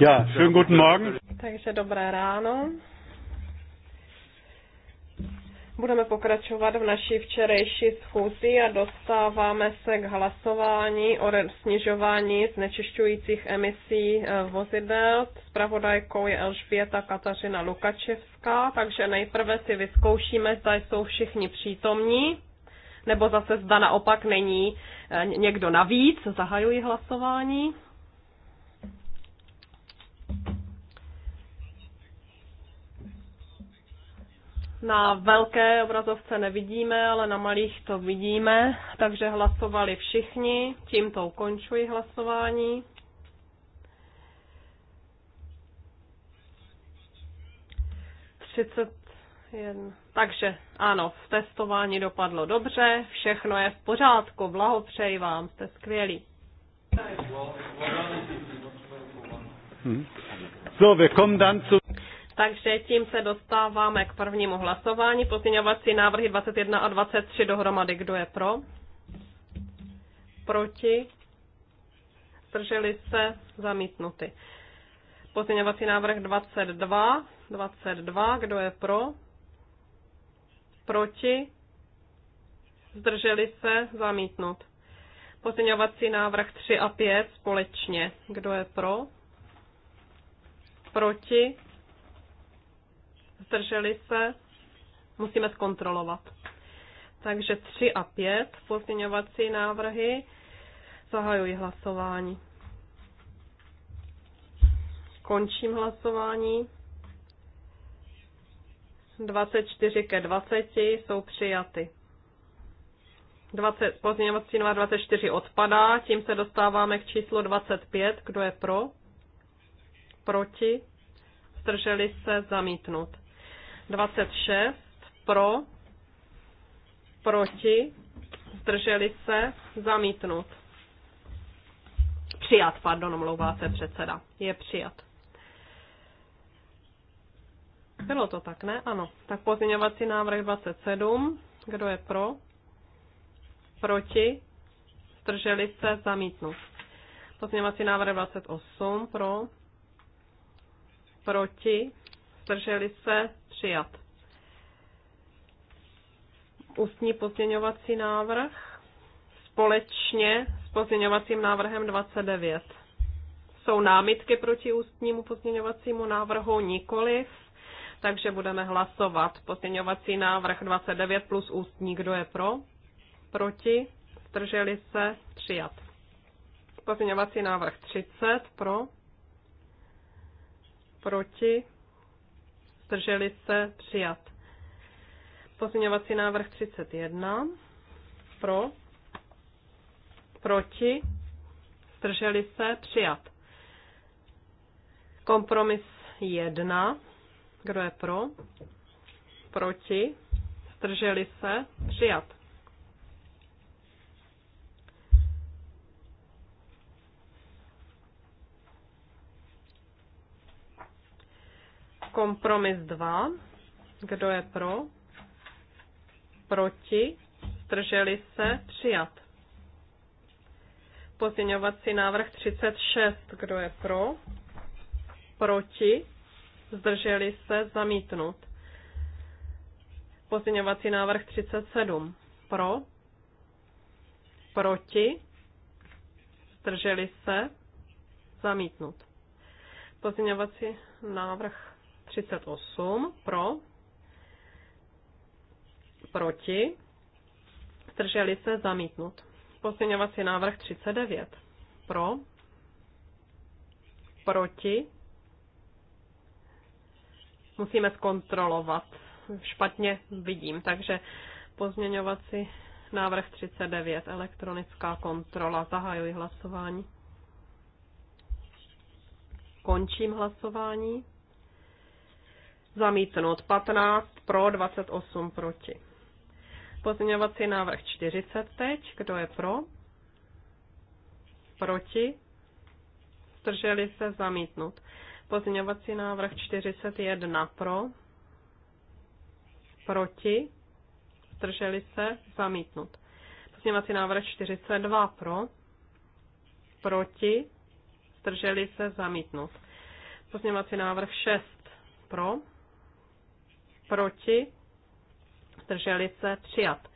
Ja, schönen guten Morgen. Takže dobré ráno. Budeme pokračovat v naší včerejší schůzi a dostáváme se k hlasování o snižování znečišťujících emisí eh, vozidel. Spravodajkou je Elžběta Kateřina Lukačevská, takže nejprve si vyzkoušíme, zda jsou všichni přítomní, nebo zase zda naopak není eh, někdo navíc. Zahajuji hlasování. Na velké obrazovce nevidíme, ale na malých to vidíme, takže hlasovali všichni. Tímto ukončuji hlasování. Třicet Takže ano, v testování dopadlo dobře, všechno je v pořádku, blahopřeji vám, jste skvělí. Hmm. So, wir kommen dann zu takže tím se dostáváme k prvnímu hlasování. Pozměňovací návrhy 21 a 23 dohromady. Kdo je pro? Proti? Zdrželi se? Zamítnuty. Pozměňovací návrh 22. 22. Kdo je pro? Proti? Zdrželi se? Zamítnut. Pozměňovací návrh 3 a 5 společně. Kdo je pro? Proti? zdrželi se, musíme zkontrolovat. Takže 3 a 5 pozměňovací návrhy. Zahajuji hlasování. Končím hlasování. 24 ke 20 jsou přijaty. 20, pozměňovací návrh 24 odpadá, tím se dostáváme k číslu 25. Kdo je pro? Proti? Zdrželi se zamítnut. 26 pro, proti, zdrželi se, zamítnut. Přijat, pardon, omlouvá se předseda. Je přijat. Bylo to tak, ne? Ano. Tak pozměňovací návrh 27. Kdo je pro? Proti? Zdrželi se? Zamítnut. Pozměňovací návrh 28. Pro? Proti? zdrželi se, přijat. Ústní pozměňovací návrh společně s pozměňovacím návrhem 29. Jsou námitky proti ústnímu pozměňovacímu návrhu nikoliv, takže budeme hlasovat. Pozměňovací návrh 29 plus ústní, kdo je pro? Proti? Zdrželi se? Přijat. Pozměňovací návrh 30 pro? Proti? zdrželi se, přijat. Pozměňovací návrh 31, pro, proti, zdrželi se, přijat. Kompromis 1, kdo je pro, proti, zdrželi se, přijat. Kompromis 2. Kdo je pro? Proti? Zdrželi se? Přijat. Pozměňovací návrh 36. Kdo je pro? Proti? Zdrželi se? Zamítnut. Pozměňovací návrh 37. Pro? Proti? Zdrželi se? Zamítnut. Pozměňovací návrh 38 pro, proti, zdrželi se zamítnut. Pozměňovací návrh 39 pro, proti, musíme zkontrolovat. Špatně vidím, takže pozměňovací návrh 39, elektronická kontrola, zahajuji hlasování. Končím hlasování. Zamítnout 15 pro, 28 proti. Pozměňovací návrh 40 teď. Kdo je pro? Proti? Zdrželi se zamítnout. Pozměňovací návrh 41 pro? Proti? Zdrželi se zamítnout. Pozměňovací návrh 42 pro? Proti? Zdrželi se zamítnout. Pozměňovací návrh 6 pro? proti, zdrželi se, přijat.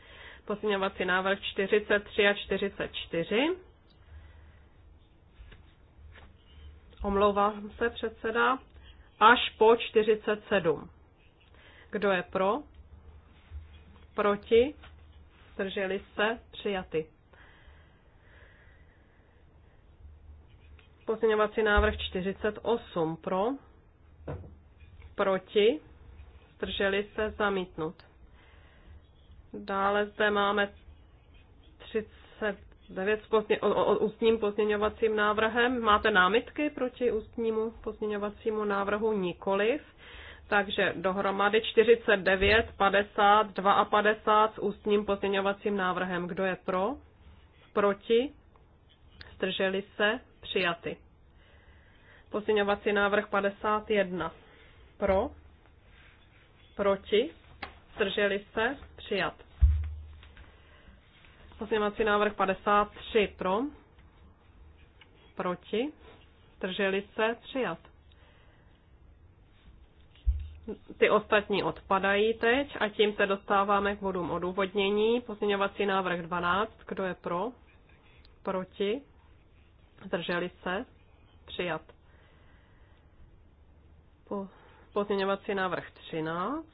Pozměňovací návrh 43 a 44. Omlouvám se předseda. Až po 47. Kdo je pro? Proti? Zdrželi se? Přijaty. Pozměňovací návrh 48 pro, proti, zdrželi se, zamítnut. Dále zde máme 39 s pozně, o, o, ústním pozměňovacím návrhem. Máte námitky proti ústnímu pozměňovacímu návrhu? Nikoliv. Takže dohromady 49, 50, 52 s ústním pozměňovacím návrhem. Kdo je pro? Proti? Zdrželi se? Přijaty. Pozměňovací návrh 51. Pro? proti, zdrželi se, přijat. Pozměňovací návrh 53 pro, proti, zdrželi se, přijat. Ty ostatní odpadají teď a tím se dostáváme k bodům odůvodnění. Pozměňovací návrh 12, kdo je pro, proti, zdrželi se, přijat. Po Pozměňovací návrh 13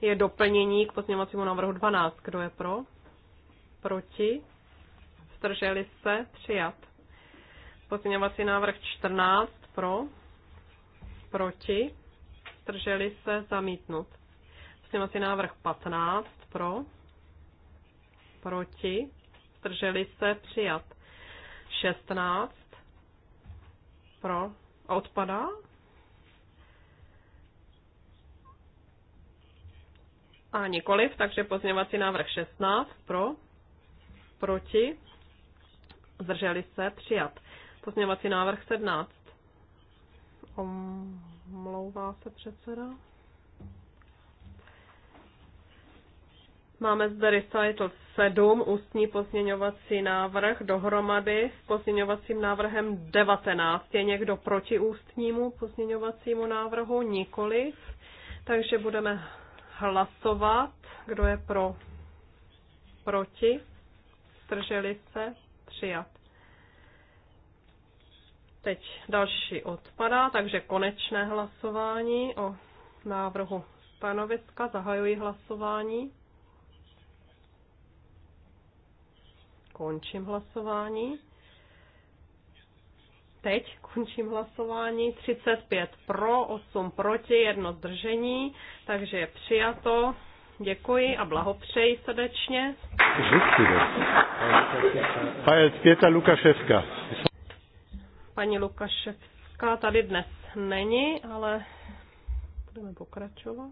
je doplnění k pozměňovacímu návrhu 12. Kdo je pro? Proti? Zdrželi se? Přijat. Pozměňovací návrh 14 pro? Proti? Zdrželi se? Zamítnut. Pozměňovací návrh 15 pro? Proti? Zdrželi se? Přijat. 16 pro? Odpadá? A nikoliv, takže pozměňovací návrh 16 pro, proti, zdrželi se, přijat. Pozměňovací návrh 17. Omlouvá se předseda. Máme zde recital 7, ústní pozměňovací návrh dohromady s pozměňovacím návrhem 19. Je někdo proti ústnímu pozměňovacímu návrhu? Nikoliv. Takže budeme hlasovat. Kdo je pro? Proti? strželi se? Přijat. Teď další odpadá, takže konečné hlasování o návrhu stanoviska. Zahajuji hlasování. Končím hlasování. Teď končím hlasování. 35 pro, 8 proti, jedno zdržení, takže je přijato. Děkuji a blahopřeji srdečně. Pěta Paní Lukaševská tady dnes není, ale budeme pokračovat.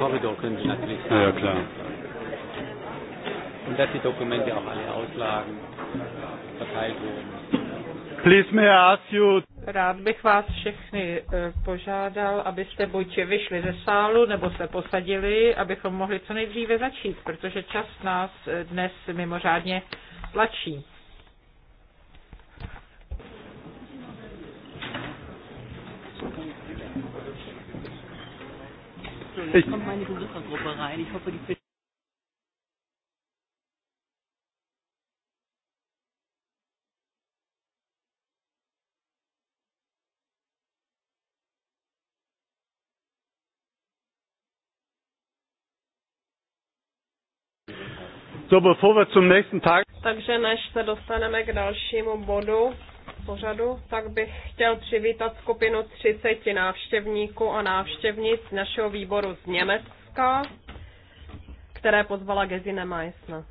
Korridor können Sie natürlich sagen. Ja, klar. Und dass die Dokumente auch alle auslagen, verteilt wurden. Please may I ask you... Rád bych vás všechny eh, požádal, abyste buď vyšli ze sálu, nebo se posadili, abychom mohli co nejdříve začít, protože čas nás eh, dnes mimořádně tlačí. Entschuldigung, kommt meine Besuchergruppe rein. Ich hoffe, die So, bevor wir zum nächsten Tag. Takže než se dostaneme k dalšímu bodu pořadu, tak bych chtěl přivítat skupinu 30 návštěvníků a návštěvnic našeho výboru z Německa, které pozvala Gesine Meissna.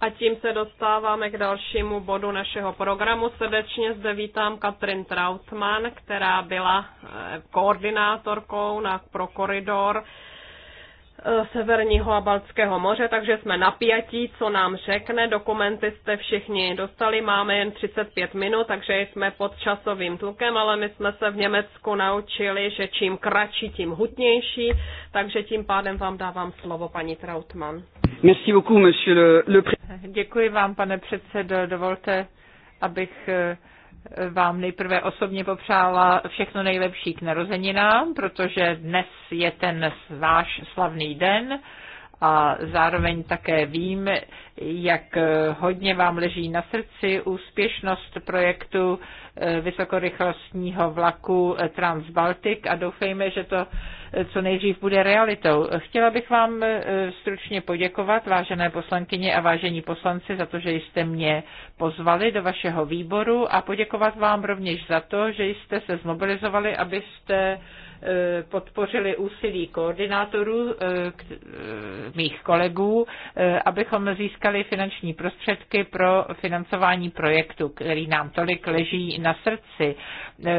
A tím se dostáváme k dalšímu bodu našeho programu. Srdečně zde vítám Katrin Trautmann, která byla eh, koordinátorkou na, pro koridor Eh, Severního a Baltského moře, takže jsme napětí, co nám řekne. Dokumenty jste všichni dostali, máme jen 35 minut, takže jsme pod časovým tlukem, ale my jsme se v Německu naučili, že čím kratší, tím hutnější, takže tím pádem vám dávám slovo, paní Trautmann. Merci beaucoup, monsieur le... Děkuji vám, pane předsedo. Dovolte, abych eh, vám nejprve osobně popřála všechno nejlepší k narozeninám, protože dnes je ten váš slavný den a zároveň také vím, jak hodně vám leží na srdci úspěšnost projektu eh, vysokorychlostního vlaku eh, Transbaltik a doufejme, že to eh, co nejdřív bude realitou. Chtěla bych vám stručně poděkovat, vážené poslankyně a vážení poslanci, za to, že jste mě pozvali do vašeho výboru a poděkovat vám rovněž za to, že jste se zmobilizovali, abyste Eh, podpořili úsilí koordinátorů, eh, eh, mých kolegů, abychom získali finanční prostředky pro financování projektu, který nám tolik leží na srdci.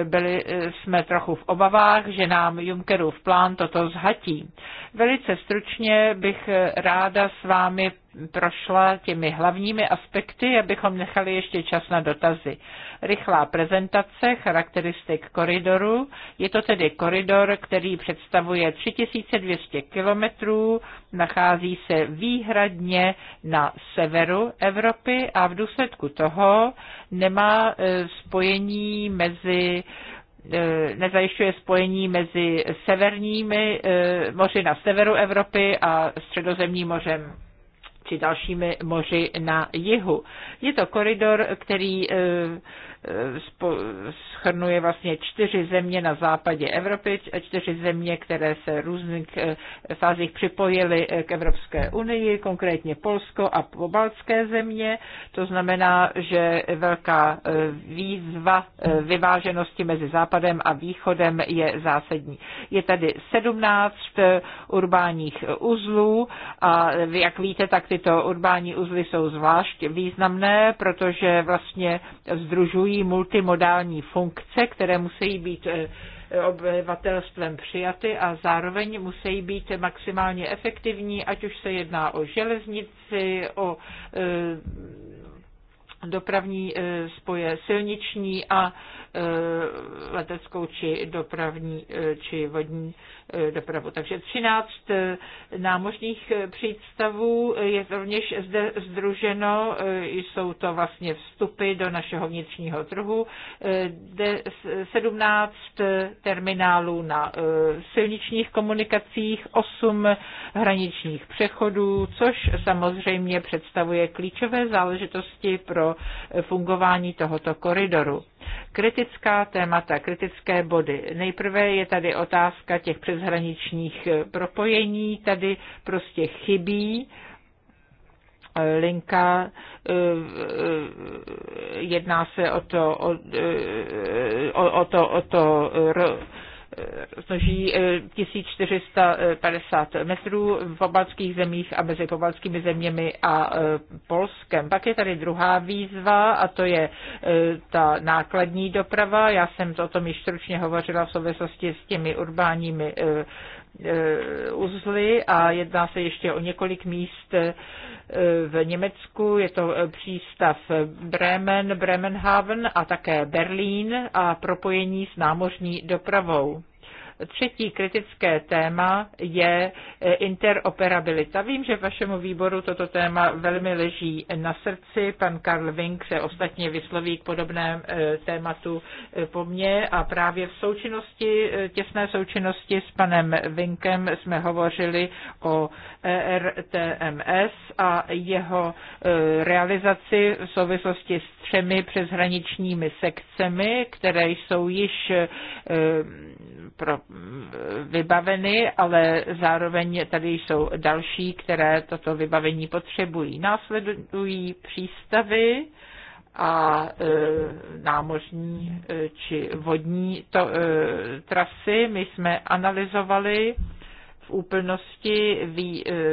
Byli jsme trochu v obavách, že nám Junckerův plán toto zhatí. Velice stručně bych ráda s vámi prošla těmi hlavními aspekty, abychom nechali ještě čas na dotazy. Rychlá prezentace charakteristik koridoru. Je to tedy koridor, který představuje 3200 kilometrů, nachází se výhradně na severu Evropy a v důsledku toho nemá e, spojení mezi e, nezajišťuje spojení mezi severními e, moři na severu Evropy a středozemním mořem či dalšími moři na jihu. Je to koridor, který eh, eh, schrnuje vlastně čtyři země na západě Evropy, čtyři země, které se v různých eh, fázích připojily k Evropské unii, konkrétně Polsko a pobaltské země. To znamená, že velká výzva vyváženosti mezi západem a východem je zásadní. Je tady 17 urbánních uzlů a jak víte, tak ty tyto urbání uzly jsou zvlášť významné, protože vlastně združují multimodální funkce, které musí být eh, obyvatelstvem přijaty a zároveň musí být maximálně efektivní, ať už se jedná o železnici, o eh, dopravní eh, spoje silniční a Eh, leteckou či dopravní eh, či vodní eh, dopravu. Takže 13 námořních přístavů je rovněž zde združeno, jsou to vlastně vstupy do našeho vnitřního trhu, 17 terminálů na silničních komunikacích, 8 hraničních přechodů, což samozřejmě představuje klíčové záležitosti pro fungování tohoto koridoru. Kritická témata, kritické body. Nejprve je tady otázka těch přeshraničních eh, propojení, tady prostě chybí eh, linka, eh, jedná se o to, o, o, o to, o to množí 1450 eh, eh, metrů v pobaltských zemích a mezi pobaltskými zeměmi a eh, Polskem. Pak je tady druhá výzva a to je ta nákladní doprava. Já jsem o tom již stručně hovořila v souvislosti s těmi urbáními Eh, uzly a jedná se ještě o několik míst eh, v Německu. Je to eh, přístav Bremen, Bremenhaven a také Berlín a propojení s námořní dopravou. Třetí kritické téma je eh, interoperabilita. Vím, že vašemu výboru toto téma velmi leží na srdci. Pan Karl Wink se ostatně vysloví k podobném eh, tématu eh, po mně a právě v součinnosti, těsné součinnosti s panem Winkem jsme hovořili o ERTMS a jeho realizaci v souvislosti s třemi přeshraničními sekcemi, které jsou již pro vybaveny, ale zároveň tady jsou další, které toto vybavení potřebují. Následují přístavy a e, námořní e, či vodní to, e, trasy. My jsme analyzovali e, v úplnosti e,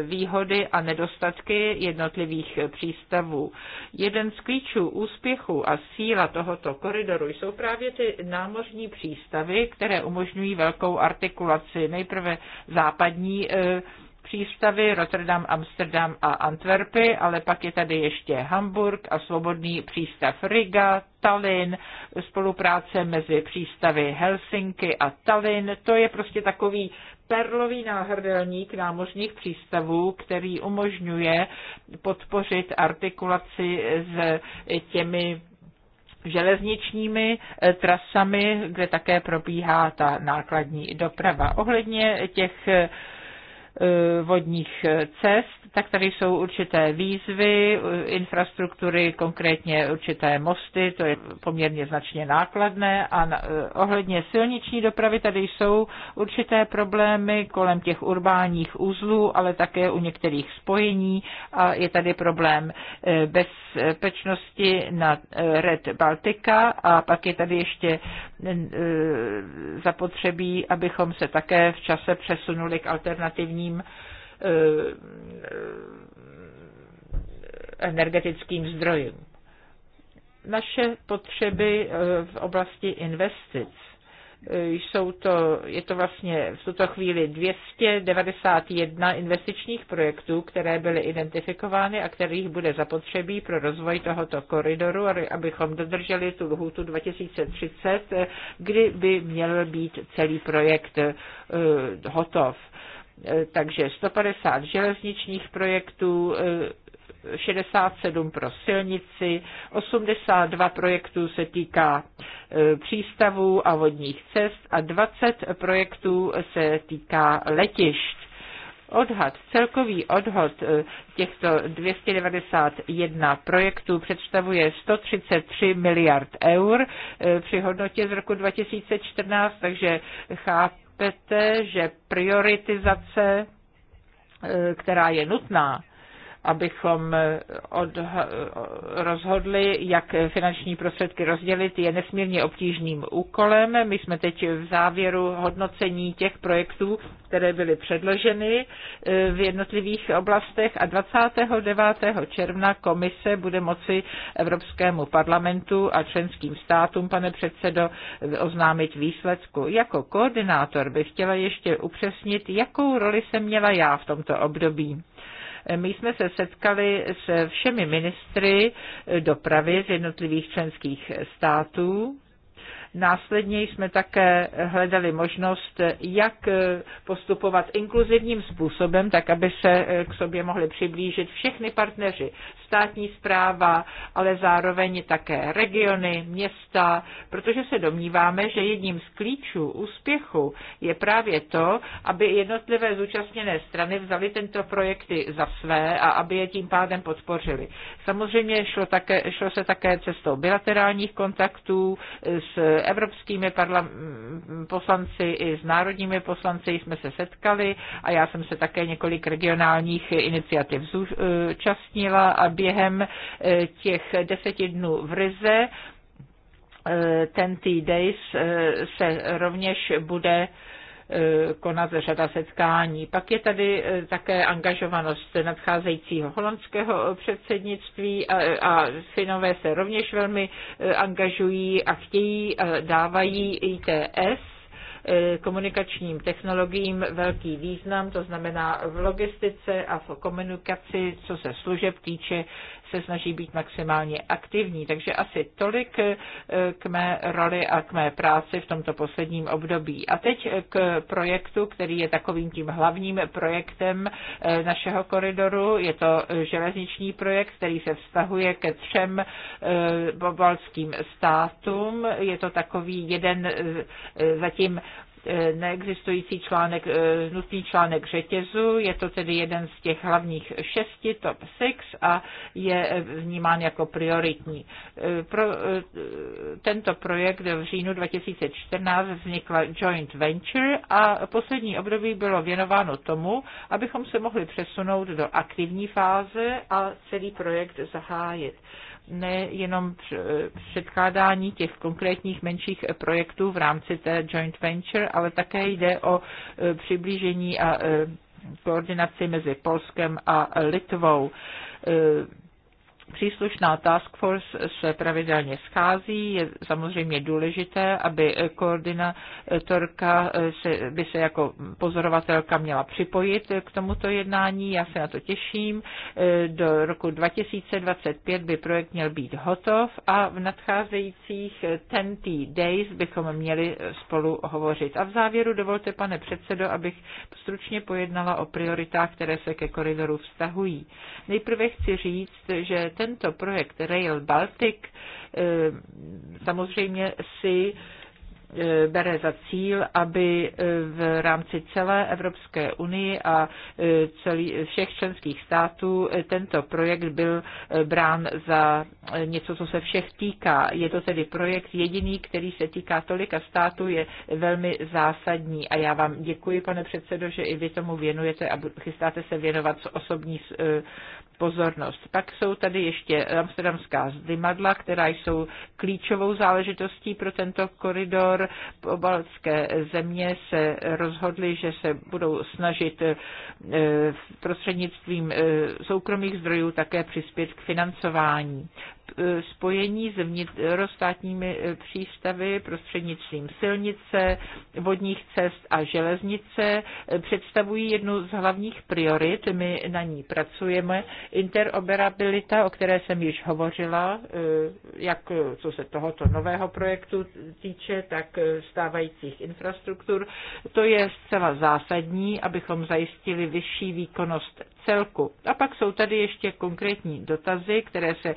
výhody a nedostatky jednotlivých přístavů. Jeden z klíčů úspěchu a síla tohoto koridoru jsou právě ty námořní přístavy, které umožňují velkou artikulaci. Nejprve západní e, přístavy Rotterdam, Amsterdam a Antwerpy, ale pak je tady ještě Hamburg a svobodný přístav Riga, Tallinn, spolupráce mezi přístavy Helsinky a Tallinn. To je prostě takový perlový náhrdelník námořních přístavů, který umožňuje podpořit artikulaci s těmi železničními eh, trasami, kde také probíhá ta nákladní doprava. Ohledně těch eh, E, vodních e, cest, tak tady jsou určité výzvy, e, infrastruktury, konkrétně určité mosty, to je poměrně značně nákladné a ohledně silniční dopravy tady jsou určité problémy kolem těch urbánních uzlů, ale také u některých spojení a je tady problém bezpečnosti na Red Baltica a pak je tady ještě zapotřebí, abychom se také v čase přesunuli k alternativní obnovitelným eh, energetickým zdrojům. Naše potřeby eh, v oblasti investic eh, jsou to, je to vlastně v tuto chvíli 291 investičních projektů, které byly identifikovány a kterých bude zapotřebí pro rozvoj tohoto koridoru, abychom dodrželi tu lhůtu 2030, kdy by měl být celý projekt hotov. Eh, takže 150 železničních projektů, 67 eh, pro silnici, 82 projektů se týká eh, přístavů a vodních cest a 20 projektů se týká letišť. Odhad, celkový odhod těchto 291 projektů představuje 133 miliard eur při hodnotě z roku 2014, takže cháp chápete, že prioritizace, eh, která je nutná, abychom eh, od, rozhodli, jak finanční prostředky rozdělit, je nesmírně obtížným úkolem. My jsme teď v závěru hodnocení těch projektů, které byly předloženy eh, v jednotlivých oblastech a 29. června komise bude moci Evropskému parlamentu a členským státům, pane předsedo, oznámit výsledku. Jako koordinátor bych chtěla ještě upřesnit, jakou roli jsem měla já v tomto období my jsme se setkali s všemi ministry dopravy z jednotlivých členských států. Následně jsme také hledali možnost, jak postupovat inkluzivním způsobem, tak aby se k sobě mohli přiblížit všechny partneři státní zpráva, ale zároveň také regiony, města, protože se domníváme, že jedním z klíčů úspěchu je právě to, aby jednotlivé zúčastněné strany vzali tento projekty za své a aby je tím pádem podpořili. Samozřejmě šlo, také, šlo se také cestou bilaterálních kontaktů s evropskými poslanci i s národními poslanci jsme se setkali a já jsem se také několik regionálních iniciativ zúčastnila eh, a během eh, těch deseti dnů v Rize eh, ten T-Days eh, se rovněž bude konat řada setkání. Pak je tady také angažovanost nadcházejícího holandského předsednictví a, a Finové se rovněž velmi angažují a chtějí, dávají ITS Eh, komunikačním technologiím velký význam, to znamená v logistice a v komunikaci, co se služeb týče, se snaží být maximálně aktivní. Takže asi tolik eh, k mé roli a k mé práci v tomto posledním období. A teď k projektu, který je takovým tím hlavním projektem eh, našeho koridoru. Je to železniční projekt, který se vztahuje ke třem bobalským eh, státům. Je to takový jeden zatím E, neexistující článek, e, nutný článek řetězu, je to tedy jeden z těch hlavních šesti, top six, a je e, vnímán jako prioritní. Pro tento projekt v říjnu 2014 vznikla joint venture a poslední období bylo věnováno tomu, abychom se mohli přesunout do aktivní fáze a celý projekt zahájit nejenom předkládání těch konkrétních menších projektů v rámci té joint venture, ale také jde o e, přiblížení a e, koordinaci mezi Polskem a Litvou e, Příslušná task force se pravidelně schází. Je samozřejmě důležité, aby koordinátorka se, by se jako pozorovatelka měla připojit k tomuto jednání. Já se na to těším. Do roku 2025 by projekt měl být hotov a v nadcházejících 10 days bychom měli spolu hovořit. A v závěru dovolte, pane předsedo, abych stručně pojednala o prioritách, které se ke koridoru vztahují. Nejprve chci říct, že ten tento projekt Rail Baltic eh, samozřejmě si eh, bere za cíl, aby eh, v rámci celé Evropské unie a celý, všech členských států tento projekt byl brán za něco, co se všech týká. Je to tedy projekt jediný, který se týká tolika států, je velmi zásadní. A já vám děkuji, pane předsedo, že i vy tomu věnujete a chystáte se věnovat z osobní pozornost. Pak jsou tady ještě amsterdamská zdymadla, která jsou klíčovou záležitostí pro tento koridor. Obalské země se rozhodly, že se budou snažit eh, prostřednictvím eh, soukromých zdrojů také přispět k financování spojení s vnitrostátními eh, přístavy prostřednictvím silnice, vodních cest a železnice eh, představují jednu z hlavních priorit. My na ní pracujeme. Interoperabilita, o které jsem již hovořila, eh, jak co se tohoto nového projektu týče, tak stávajících infrastruktur, to je zcela zásadní, abychom zajistili vyšší výkonnost celku. A pak jsou tady ještě konkrétní dotazy, které se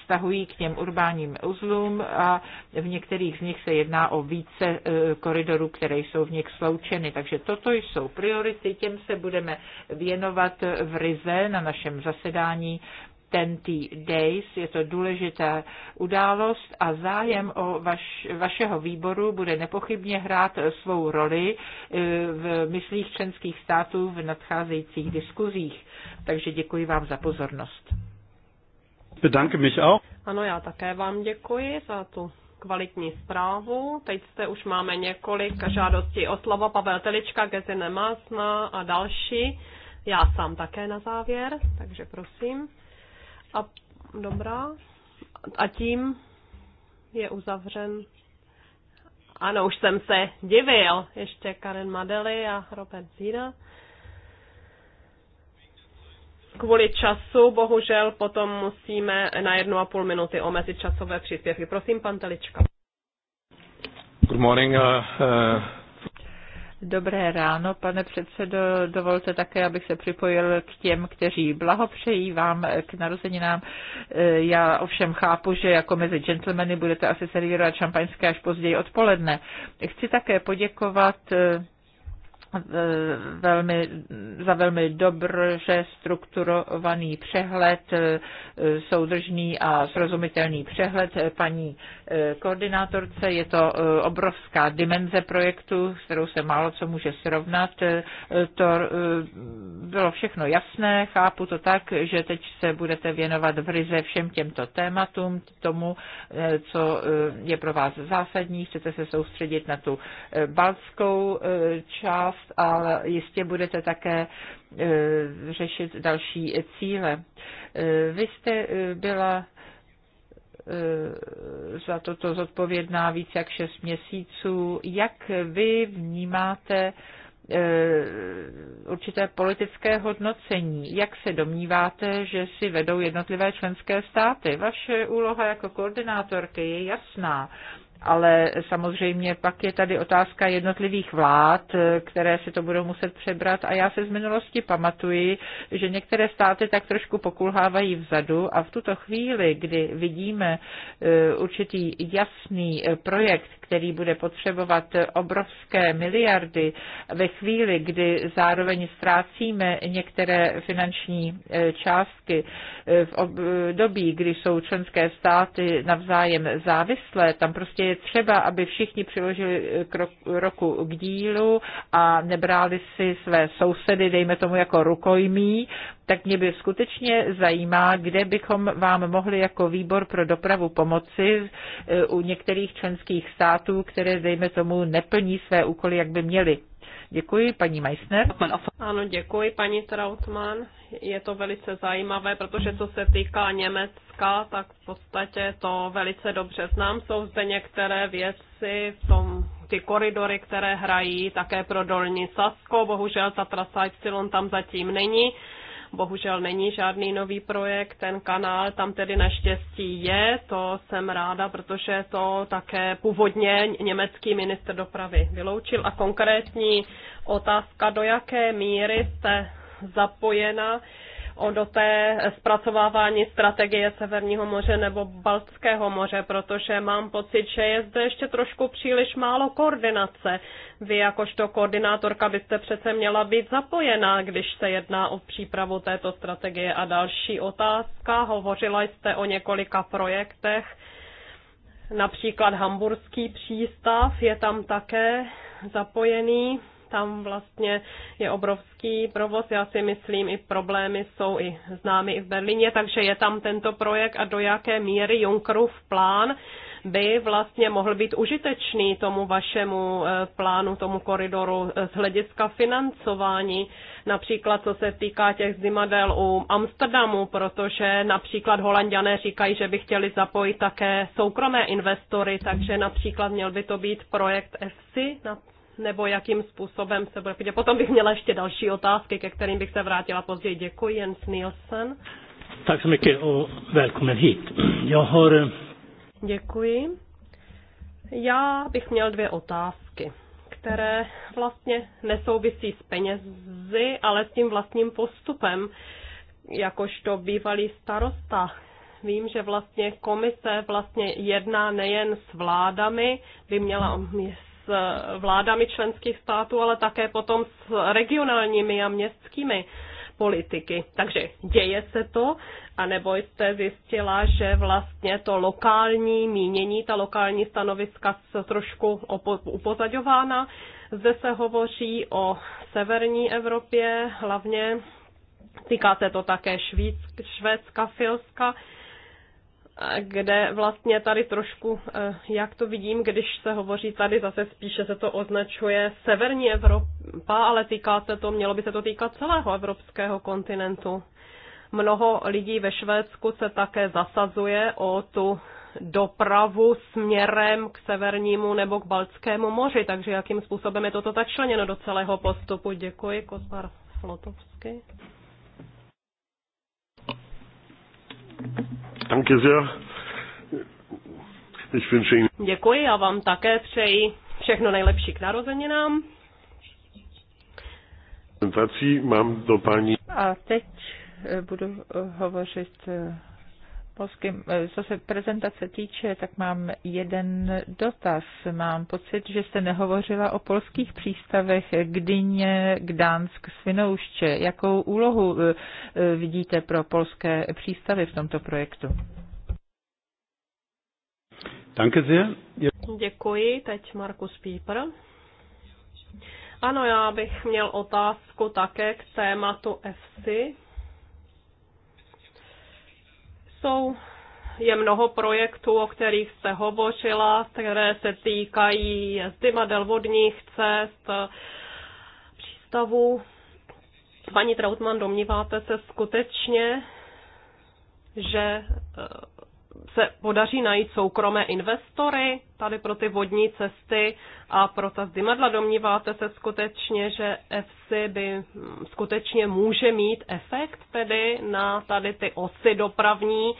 vztahují k těm urbáním uzlům a v některých z nich se jedná o více e, koridorů, které jsou v nich sloučeny. Takže toto jsou priority, těm se budeme věnovat v Rize na našem zasedání TNT Days. Je to důležitá událost a zájem o vaš, vašeho výboru bude nepochybně hrát svou roli e, v myslích členských států v nadcházejících diskuzích. Takže děkuji vám za pozornost. Bedanke mich auch. Ano, já také vám děkuji za tu kvalitní zprávu. Teď jste už máme několik žádostí o slovo. Pavel Telička, Gezi Nemásna a další. Já sám také na závěr, takže prosím. A dobrá. A tím je uzavřen. Ano, už jsem se divil. Ještě Karen Madely a Robert Zina kvůli času bohužel potom musíme na jednu a půl minuty omezit časové příspěvky. Prosím, pan Telička. Good morning. Uh, uh... Dobré ráno, pane předsedo. Dovolte také, abych se připojil k těm, kteří blahopřejí vám k narozeninám. Eh, já ovšem chápu, že jako mezi gentlemany budete asi servírovat šampaňské až později odpoledne. Chci také poděkovat eh, E, velmi, za velmi dobře strukturovaný přehled, e, soudržný a srozumitelný přehled e, paní koordinátorce. Je to obrovská dimenze projektu, s kterou se málo co může srovnat. To bylo všechno jasné, chápu to tak, že teď se budete věnovat v ryze všem těmto tématům, tomu, co je pro vás zásadní. Chcete se soustředit na tu balskou část oblast, ale jistě budete také e, řešit další cíle. E, vy jste e, byla za toto zodpovědná víc jak 6 měsíců. Jak vy vnímáte určité politické hodnocení. Jak se domníváte, že si vedou jednotlivé členské státy? Vaše úloha jako koordinátorky je jasná ale samozřejmě pak je tady otázka jednotlivých vlád, které si to budou muset přebrat a já se z minulosti pamatuji, že některé státy tak trošku pokulhávají vzadu a v tuto chvíli, kdy vidíme e, určitý jasný projekt, který bude potřebovat obrovské miliardy, ve chvíli, kdy zároveň ztrácíme některé finanční e, částky e, v období, kdy jsou členské státy navzájem závislé, tam prostě je třeba, aby všichni přiložili eh, roku k dílu a nebráli si své sousedy, dejme tomu jako rukojmí, tak mě by skutečně zajímá, kde bychom vám mohli jako výbor pro dopravu pomoci eh, u některých členských států, které, dejme tomu, neplní své úkoly, jak by měly. Děkuji, paní Meissner. Ano, děkuji, paní Trautmann. Je to velice zajímavé, protože co se týká Německa, tak v podstatě to velice dobře znám. Jsou zde některé věci v tom ty koridory, které hrají také pro Dolní Sasko. Bohužel ta trasa Y tam zatím není. Bohužel není žádný nový projekt, ten kanál tam tedy naštěstí je, to jsem ráda, protože to také původně německý minister dopravy vyloučil. A konkrétní otázka, do jaké míry jste zapojena o té zpracovávání strategie Severního moře nebo Baltského moře, protože mám pocit, že je zde ještě trošku příliš málo koordinace. Vy jakožto koordinátorka byste přece měla být zapojená, když se jedná o přípravu této strategie. A další otázka, hovořila jste o několika projektech, například Hamburský přístav je tam také zapojený tam vlastně je obrovský provoz. Já si myslím, i problémy jsou i známy i v Berlíně, takže je tam tento projekt a do jaké míry Junckerův plán by vlastně mohl být užitečný tomu vašemu eh, plánu, tomu koridoru eh, z hlediska financování, například co se týká těch zimadel u Amsterdamu, protože například holanděné říkají, že by chtěli zapojit také soukromé investory, takže například měl by to být projekt FC nebo jakým způsobem se bude pít. Potom bych měla ještě další otázky, ke kterým bych se vrátila později. Děkuji, Jens Nielsen. Tak se mycket och välkommen hit. Já har... Eh, Děkuji. Já bych měl dvě otázky, které vlastně nesouvisí s penězi, ale s tím vlastním postupem. Jakožto bývalý starosta vím, že vlastně komise vlastně jedná nejen s vládami, by měla s vládami členských států, ale také potom s regionálními a městskými politiky. Takže děje se to, anebo jste zjistila, že vlastně to lokální mínění, ta lokální stanoviska se trošku upozaďována. Zde se hovoří o severní Evropě, hlavně týká se to také Švíc, Švédska, Filska kde vlastně tady trošku, eh, jak to vidím, když se hovoří tady, zase spíše se to označuje severní Evropa, ale týká se to, mělo by se to týkat celého evropského kontinentu. Mnoho lidí ve Švédsku se také zasazuje o tu dopravu směrem k severnímu nebo k Baltskému moři, takže jakým způsobem je toto členěno do celého postupu. Děkuji, Kospar Flotovský. Danke sehr. Ich wünsche Ihnen. Děkuji a vám také přeji všechno nejlepší k narozeninám. Mám do paní. A teď eh, budu eh, hovořit eh, polským, eh, co se prezentace týče, tak mám jeden dotaz. Mám pocit, že jste nehovořila o polských přístavech Gdyně, Gdansk, Svinouště. Jakou úlohu eh, eh, vidíte pro polské přístavy v tomto projektu? Děkuji. Teď Markus Pieper. Ano, já bych měl otázku také k tématu EFSI jsou, je mnoho projektů, o kterých se hovořila, které se týkají jezdymadel vodních cest, přístavů. Paní Trautmann, domníváte se skutečně, že eh, se podaří najít soukromé investory tady pro ty vodní cesty a pro ta zdymadla. Domníváte se skutečně, že FC by hm, skutečně může mít efekt tedy na tady ty osy dopravní,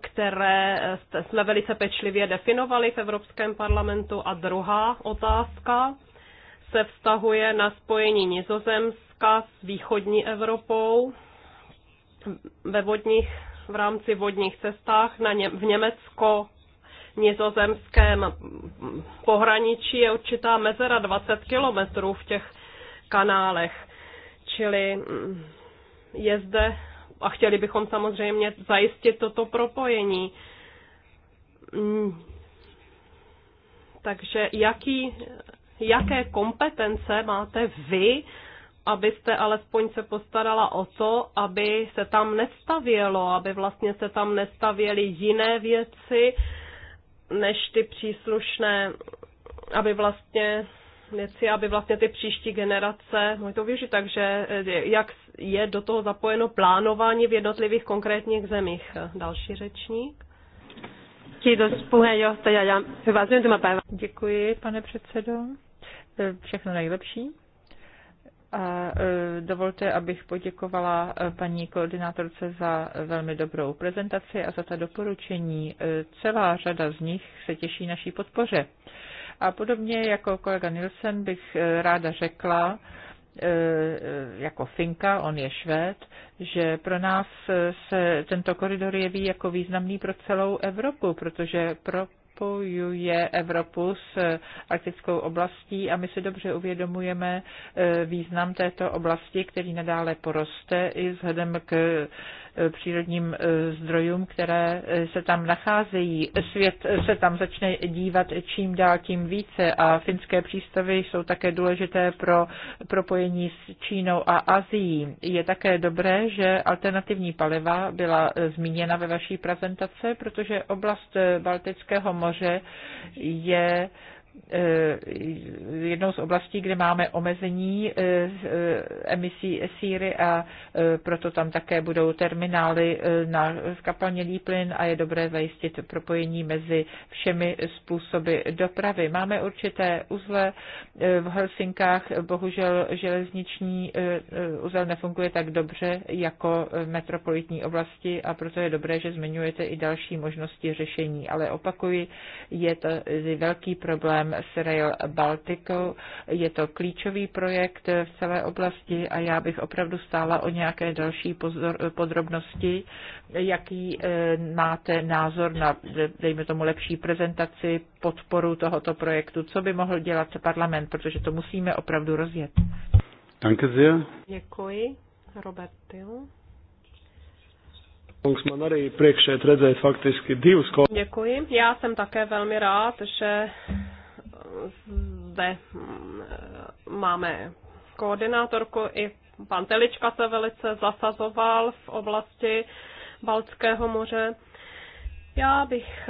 které jsme velice pečlivě definovali v Evropském parlamentu. A druhá otázka se vztahuje na spojení Nizozemska s východní Evropou ve vodních v rámci vodních cestách na ně, v Německo nizozemském pohraničí je určitá mezera 20 kilometrů v těch kanálech. Čili mm, je zde, a chtěli bychom samozřejmě zajistit toto propojení. Mm. Takže jaký, jaké kompetence máte vy abyste alespoň se postarala o to, aby se tam nestavělo, aby vlastně se tam nestavěly jiné věci, než ty příslušné, aby vlastně věci, aby vlastně ty příští generace můj no to využít. Takže eh, jak je do toho zapojeno plánování v jednotlivých konkrétních zemích? Další řečník. Děkuji, pane předsedo. Eh, všechno nejlepší. A e, dovolte, abych poděkovala e, paní koordinátorce za velmi dobrou prezentaci a za ta doporučení. E, celá řada z nich se těší naší podpoře. A podobně jako kolega Nilsen bych ráda řekla, jako Finka, on je Švéd, že pro nás se tento koridor jeví jako významný pro celou Evropu, protože pro propojuje Evropu s eh, arktickou oblastí a my si dobře uvědomujeme eh, význam této oblasti, který nadále poroste i vzhledem k Eh, přírodním eh, zdrojům, které eh, se tam nacházejí. Svět se tam začne dívat čím dál tím více a finské přístavy jsou také důležité pro propojení s Čínou a Azií. Je také dobré, že alternativní paliva byla zmíněna ve vaší prezentaci, protože oblast Baltického moře je Eh, jednou z oblastí, kde máme omezení eh, eh, emisí síry a proto tam také budou terminály na skapalnělý plyn a je dobré zajistit propojení mezi všemi způsoby dopravy. Máme určité uzle v Helsinkách, bohužel železniční uzel nefunguje tak dobře jako metropolitní oblasti a proto je dobré, že zmiňujete i další možnosti řešení, ale opakuji, je to velký problém problém s Rail Je to klíčový projekt v celé oblasti a já bych opravdu stála o nějaké další pozor, podrobnosti. Jaký eh, máte názor na, dejme tomu, lepší prezentaci, podporu tohoto projektu? Co by mohl dělat parlament, protože to musíme opravdu rozjet? Danke sehr. Děkuji. Robert Till. Děkuji. Já jsem také velmi rád, že zde hm, máme koordinátorku i pan Telička se velice zasazoval v oblasti Baltského moře. Já bych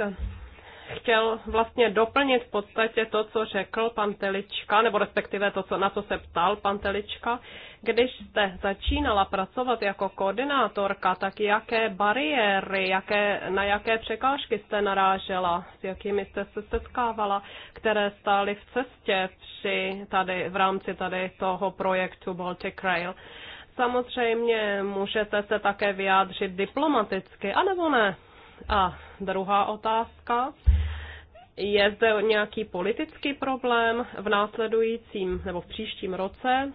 chtěl vlastně doplnit v podstatě to, co řekl pan Telička, nebo respektive to, co, na co se ptal pan Telička. Když jste začínala pracovat jako koordinátorka, tak jaké bariéry, jaké, na jaké překážky jste narážela, s jakými jste se setkávala, které stály v cestě při tady, v rámci tady toho projektu Baltic Rail? Samozřejmě můžete se také vyjádřit diplomaticky, anebo ne? A druhá otázka. Je zde nějaký politický problém v následujícím nebo v příštím roce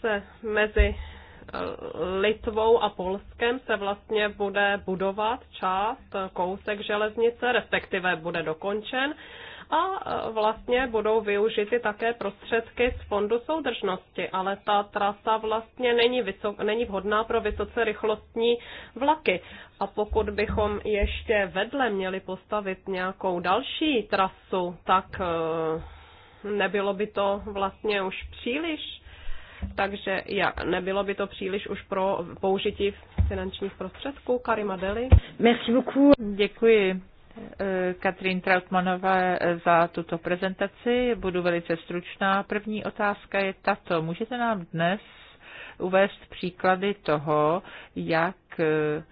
se mezi eh, Litvou a Polskem se vlastně bude budovat část, eh, kousek železnice, respektive bude dokončen a vlastně budou využity také prostředky z fondu soudržnosti, ale ta trasa vlastně není, vysok, není vhodná pro vysoce rychlostní vlaky. A pokud bychom ještě vedle měli postavit nějakou další trasu, tak e, nebylo by to vlastně už příliš, takže ja, nebylo by to příliš už pro použití finančních prostředků. Karima Deli. Merci beaucoup. Děkuji Eh, Katrin Trautmanové eh, za tuto prezentaci. Budu velice stručná. První otázka je tato. Můžete nám dnes uvést příklady toho, jak eh,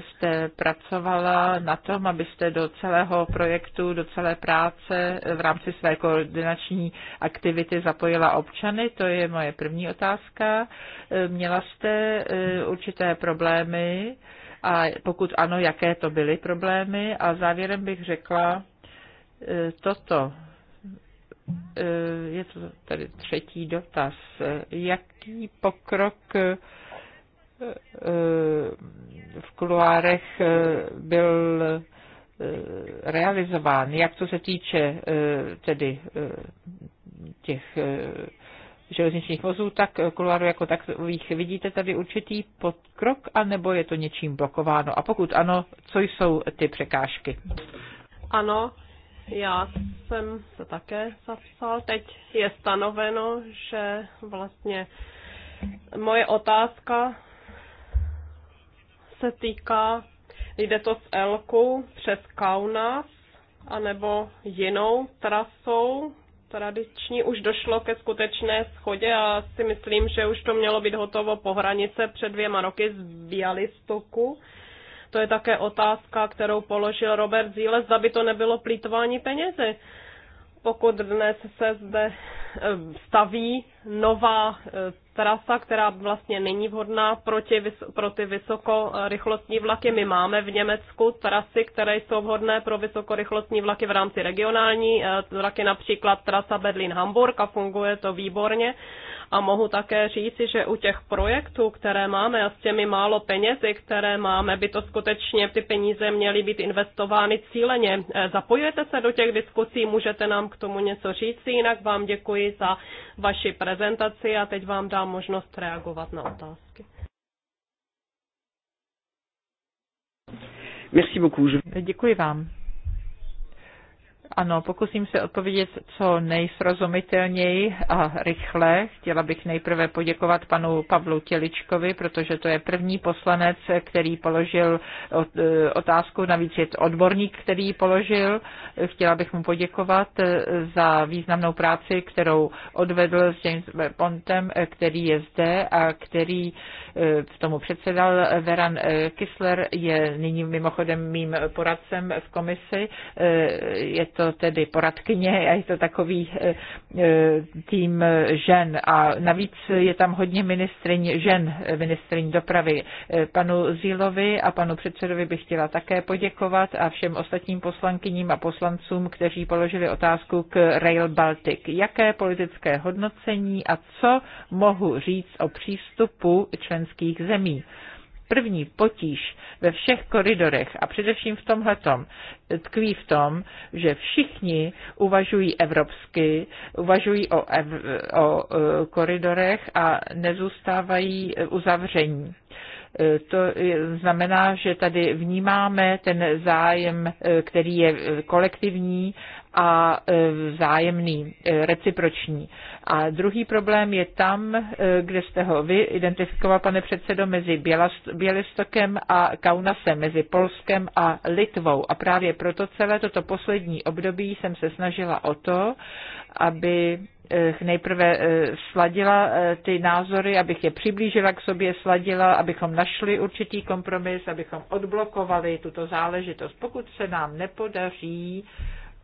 jste pracovala na tom, abyste do celého projektu, do celé práce v rámci své koordinační aktivity zapojila občany? To je moje první otázka. Měla jste určité problémy a pokud ano, jaké to byly problémy. A závěrem bych řekla e, toto. E, je to tady třetí dotaz. E, jaký pokrok v kuluárech byl realizován, jak to se týče tedy těch železničních vozů, tak kuluáru eh, jako takových. Vidíte tady určitý podkrok, anebo je to něčím blokováno? A pokud ano, co jsou ty překážky? Ano, já jsem se také zapsal. Teď je stanoveno, že vlastně moje otázka se týká, jde to z Elku přes Kaunas, anebo jinou trasou, tradiční už došlo ke skutečné schodě a si myslím, že už to mělo být hotovo po hranice před dvěma roky z Bialystoku. To je také otázka, kterou položil Robert Zíle, zda by to nebylo plítvání penězi pokud dnes se zde eh, staví nová eh, trasa, která vlastně není vhodná pro, tě, pro ty vysokorychlostní vlaky. My máme v Německu trasy, které jsou vhodné pro vysokorychlostní vlaky v rámci regionální, eh, vlaky například trasa Berlin-Hamburg a funguje to výborně. A mohu také říci, že u těch projektů, které máme a s těmi málo penězi, které máme, by to skutečně ty peníze měly být investovány cíleně. Eh, zapojujete se do těch diskusí, můžete nám k tomu něco říci, jinak vám děkuji za vaši prezentaci a teď vám dám možnost reagovat na otázky. Merci beaucoup. Děkuji vám. Ano, pokusím se odpovědět co nejsrozumitelněji a rychle. Chtěla bych nejprve poděkovat panu Pavlu Těličkovi, protože to je první poslanec, který položil otázku, navíc je to odborník, který ji položil. Chtěla bych mu poděkovat za významnou práci, kterou odvedl s James Pontem, který je zde a který Eh, tomu předsedal Veran eh, Kisler, je nyní mimochodem mým poradcem v komisi, eh, je to tedy poradkyně a je to takový tým žen a navíc je tam hodně ministrin žen, ministrin dopravy. Panu Zílovi a panu předsedovi bych chtěla také poděkovat a všem ostatním poslankyním a poslancům, kteří položili otázku k Rail Baltic. Jaké politické hodnocení a co mohu říct o přístupu členských členských zemí. První potíž ve všech koridorech a především v tomhletom tkví v tom, že všichni uvažují evropsky, uvažují o, ev, o e, koridorech a nezůstávají uzavření e, to znamená, že tady vnímáme ten zájem, e, který je kolektivní a e, vzájemný, e, reciproční. A druhý problém je tam, e, kde jste ho vy identifikoval, pane předsedo, mezi Bělistokem a Kaunasem, mezi Polskem a Litvou. A právě proto celé toto poslední období jsem se snažila o to, aby nejprve sladila ty názory, abych je přiblížila k sobě, sladila, abychom našli určitý kompromis, abychom odblokovali tuto záležitost. Pokud se nám nepodaří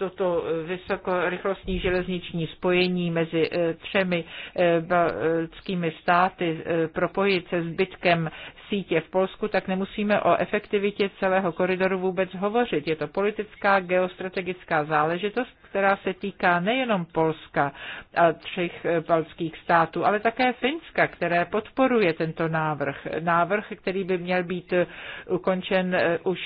toto vysokorychlostní železniční spojení mezi eh, třemi eh, baltskými státy eh, propojit se zbytkem sítě v Polsku, tak nemusíme o efektivitě celého koridoru vůbec hovořit. Je to politická, geostrategická záležitost, která se týká nejenom Polska a třech baltských států, ale také Finska, které podporuje tento návrh. Návrh, který by měl být ukončen už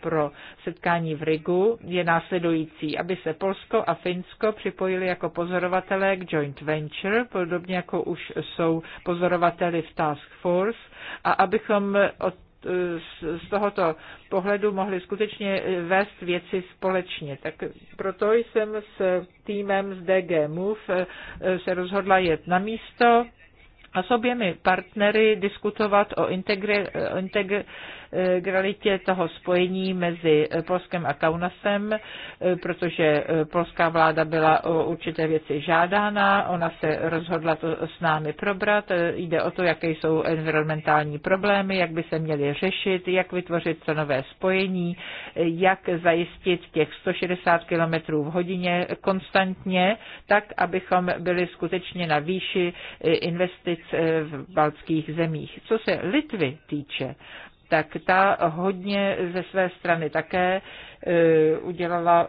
pro setkání v Rigu, je následující, aby se Polsko a Finsko připojili jako pozorovatelé k joint venture, podobně jako už jsou pozorovateli v Task Force, a abychom od z tohoto pohledu mohli skutečně vést věci společně. Tak proto jsem s týmem z DG Move eh, se rozhodla jet na místo a s oběmi partnery diskutovat o integre, eh, integre, integralitě toho spojení mezi eh, Polskem a Kaunasem, eh, protože eh, polská vláda byla o určité věci žádána, ona se rozhodla to s námi probrat, jde o to, jaké jsou environmentální problémy, jak by se měly řešit, jak vytvořit to nové spojení, jak zajistit těch 160 km v hodině konstantně, tak, abychom byli skutečně na výši investic v baltských zemích. Co se Litvy týče, tak ta hodně ze své strany také e, udělala e,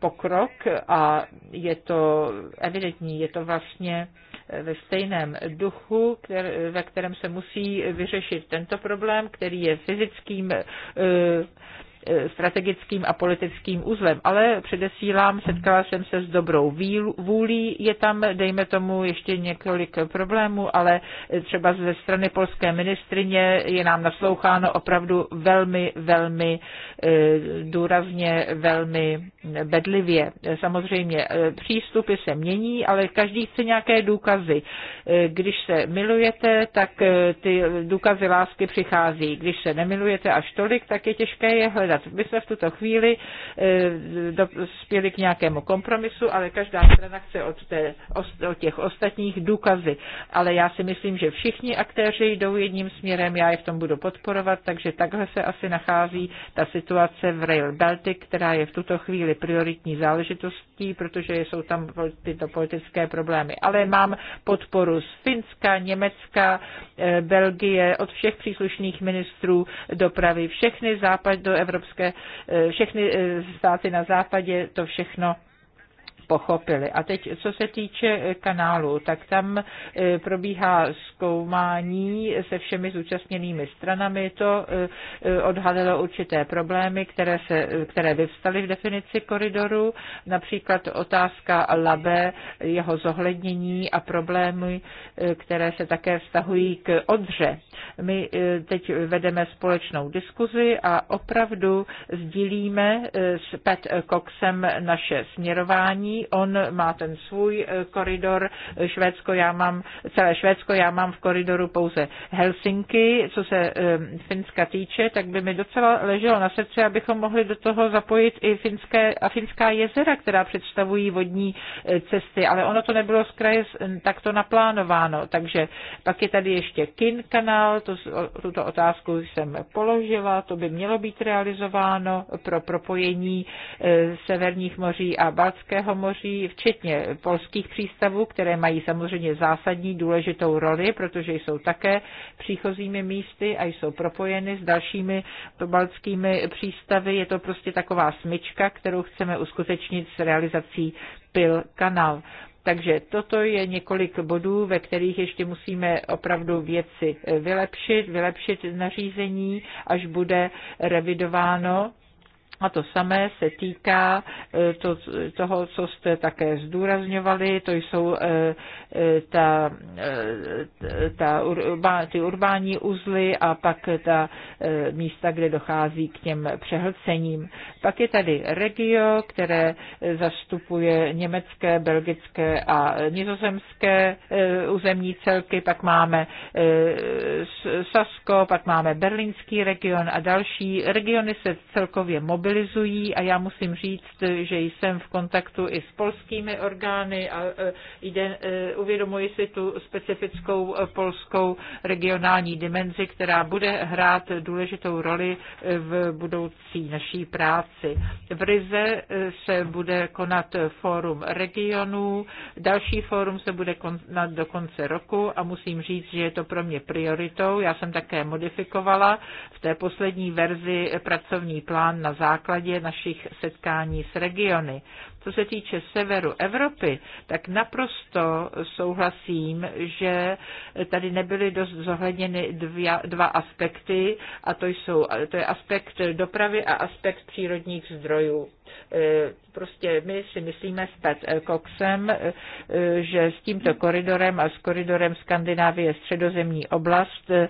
pokrok a je to evidentní, je to vlastně e, ve stejném duchu, kter, ve kterém se musí vyřešit tento problém, který je fyzickým Eh, strategickým a politickým uzlem, ale předesílám, setkala jsem se s dobrou vůlí, je tam, dejme tomu, ještě několik problémů, ale třeba ze strany polské ministrině je nám nasloucháno opravdu velmi, velmi eh, důrazně, velmi bedlivě. Samozřejmě eh, přístupy se mění, ale každý chce nějaké důkazy. Když se milujete, tak ty důkazy lásky přichází. Když se nemilujete až tolik, tak je těžké je hledat jednat. My jsme v tuto chvíli eh, spěli k nějakému kompromisu, ale každá strana chce od, té, od těch ostatních důkazy. Ale já si myslím, že všichni aktéři jdou jedním směrem, já je v tom budu podporovat, takže takhle se asi nachází ta situace v Rail Baltic, která je v tuto chvíli prioritní záležitostí, protože jsou tam tyto politické problémy. Ale mám podporu z Finska, Německa, eh, Belgie, od všech příslušných ministrů dopravy, všechny západ do Evropy evropské, eh, všechny eh, státy na západě to všechno pochopili. A teď, co se týče eh, kanálu, tak tam eh, probíhá zkoumání se všemi zúčastněnými stranami. To eh, odhalilo určité problémy, které, se, které vyvstaly v definici koridoru, například otázka labe, jeho zohlednění a problémy, které se také vztahují k odře. My teď vedeme společnou diskuzi a opravdu sdílíme s Pet Coxem naše směrování on má ten svůj eh, koridor eh, Švédsko, já mám, celé Švédsko, já mám v koridoru pouze Helsinky, co se eh, Finska týče, tak by mi docela leželo na srdci, abychom mohli do toho zapojit i finské a finská jezera, která představují vodní cesty, ale ono to nebylo z kraje takto naplánováno, takže pak je tady ještě Kin kanál, to, tuto otázku jsem položila, to by mělo být realizováno pro propojení severních moří a Balckého Středomoří, včetně polských přístavů, které mají samozřejmě zásadní důležitou roli, protože jsou také příchozími místy a jsou propojeny s dalšími pobaltskými přístavy. Je to prostě taková smyčka, kterou chceme uskutečnit s realizací PIL kanál. Takže toto je několik bodů, ve kterých ještě musíme opravdu věci vylepšit, vylepšit nařízení, až bude revidováno a to samé se týká e, to, toho, co jste také zdůrazňovali, to jsou e, e, ta, ta, ty urbání uzly a pak ta místa, kde dochází k těm přehlcením. Pak je tady Regio, které zastupuje německé, belgické a nizozemské územní celky, pak máme Sasko, pak máme berlínský region a další regiony se celkově mobilizují mobilizují a já musím říct, že jsem v kontaktu i s polskými orgány a e, jde, e, uvědomuji si tu specifickou e, polskou regionální dimenzi, která bude hrát důležitou roli v budoucí naší práci. V Rize se bude konat fórum regionů, další fórum se bude konat do konce roku a musím říct, že je to pro mě prioritou. Já jsem také modifikovala v té poslední verzi pracovní plán na základě základě našich setkání s regiony. Co se týče severu Evropy, tak naprosto souhlasím, že tady nebyly dost zohledněny dva, dva aspekty, a to, jsou, to je aspekt dopravy a aspekt přírodních zdrojů. E, prostě my si myslíme s Pat Coxem, e, že s tímto koridorem a s koridorem Skandinávie středozemní oblast e,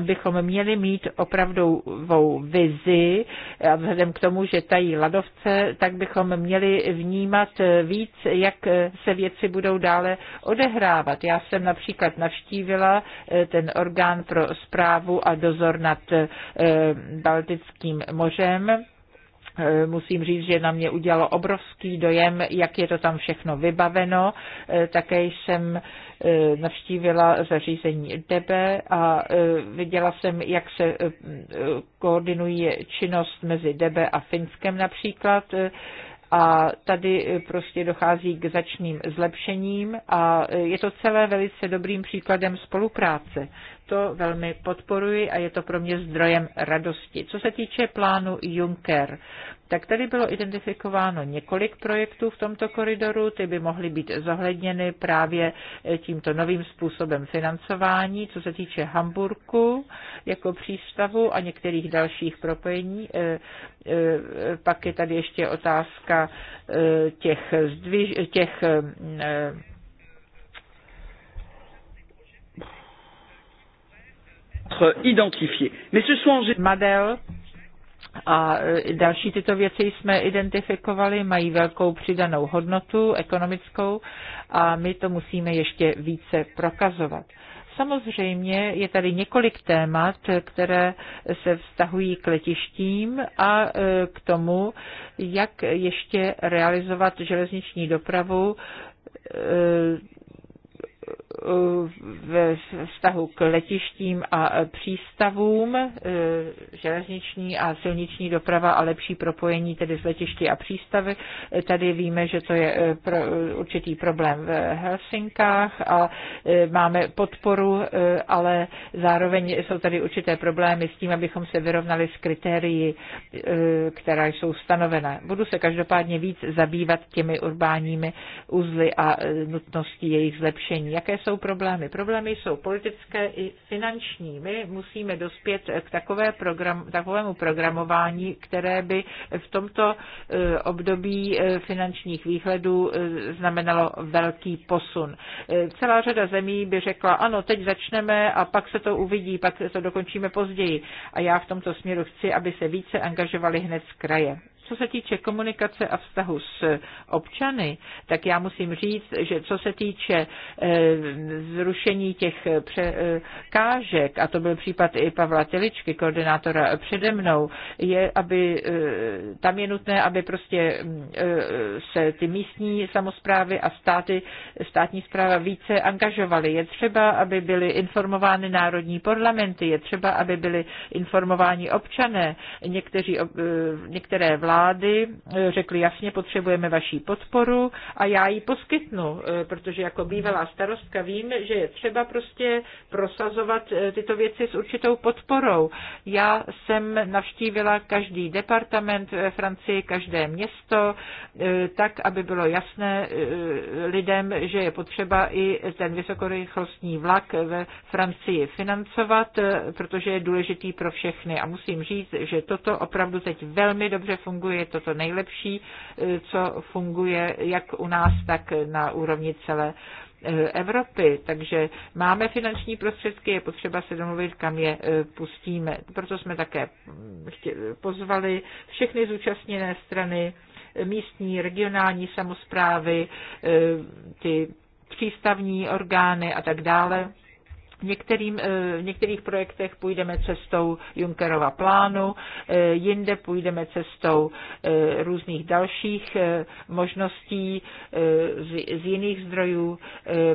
bychom měli mít opravdovou vizi a vzhledem k tomu, že tají ladovce, tak bychom měli v vnímat eh, víc, jak eh, se věci budou dále odehrávat. Já jsem například navštívila eh, ten orgán pro zprávu a dozor nad Baltickým mořem musím říct, že na mě udělalo obrovský dojem, jak je to tam všechno vybaveno. Také jsem navštívila zařízení DEBE a viděla jsem, jak se koordinuje činnost mezi DEBE a Finskem například. A tady eh, prostě dochází k začným zlepšením a eh, je to celé velice dobrým příkladem spolupráce. To velmi podporuji a je to pro mě zdrojem radosti. Co se týče plánu Juncker, tak tady bylo identifikováno několik projektů v tomto koridoru, ty by mohly být zohledněny právě eh, tímto novým způsobem financování, co se týče Hamburku jako přístavu a některých dalších propojení. Eh, eh, pak je tady ještě otázka těch, zdviž, těch identifié. Mais ce sont en a e, další tyto věci jsme identifikovali, mají velkou přidanou hodnotu ekonomickou a my to musíme ještě více prokazovat. Samozřejmě je tady několik témat, které se vztahují k letištím a e, k tomu, jak ještě realizovat železniční dopravu e, ve vztahu k letištím a přístavům, e, železniční a silniční doprava a lepší propojení tedy z letišti a přístavy. Tady víme, že to je e, pro, určitý problém v Helsinkách a e, máme podporu, ale zároveň jsou tady určité problémy s tím, abychom se vyrovnali s kritérii, která jsou stanovena. Budu se každopádně víc zabývat těmi urbáními uzly a nutností jejich zlepšení. Jaké jsou problémy. Problémy jsou politické i finanční. My musíme dospět k takové program, takovému programování, které by v tomto e, období e, finančních výhledů e, znamenalo velký posun. Celá řada zemí by řekla, ano, teď začneme a pak se to uvidí, pak to dokončíme později. A já v tomto směru chci, aby se více angažovali hned z kraje. Co se týče komunikace a vztahu s občany, tak já musím říct, že co se týče eh, zrušení těch překážek, a to byl případ i Pavla Teličky, koordinátora přede mnou, je, aby eh, tam je nutné, aby prostě mm, eh, se ty místní samozprávy a státy, státní zpráva více angažovaly. Je třeba, aby byly informovány národní parlamenty, je třeba, aby byly informováni občané, někteří, některé vlády, vlády eh, řekly jasně, potřebujeme vaší podporu a já ji poskytnu, eh, protože jako bývalá starostka vím, že je třeba prostě prosazovat eh, tyto věci s určitou podporou. Já jsem navštívila každý departament ve Francii, každé město, tak, aby bylo jasné lidem, že je potřeba i ten vysokorychlostní vlak ve Francii financovat, protože je důležitý pro všechny. A musím říct, že toto opravdu teď velmi dobře funguje funguje to to nejlepší, eh, co funguje jak u nás, tak na úrovni celé eh, Evropy, takže máme finanční prostředky, je potřeba se domluvit, kam je eh, pustíme. Proto jsme také hm, pozvali všechny zúčastněné strany, místní, regionální samozprávy, ty přístavní orgány a tak dále některým, eh, v některých projektech půjdeme cestou Junckerova plánu, eh, jinde půjdeme cestou eh, různých dalších možností z jiných zdrojů,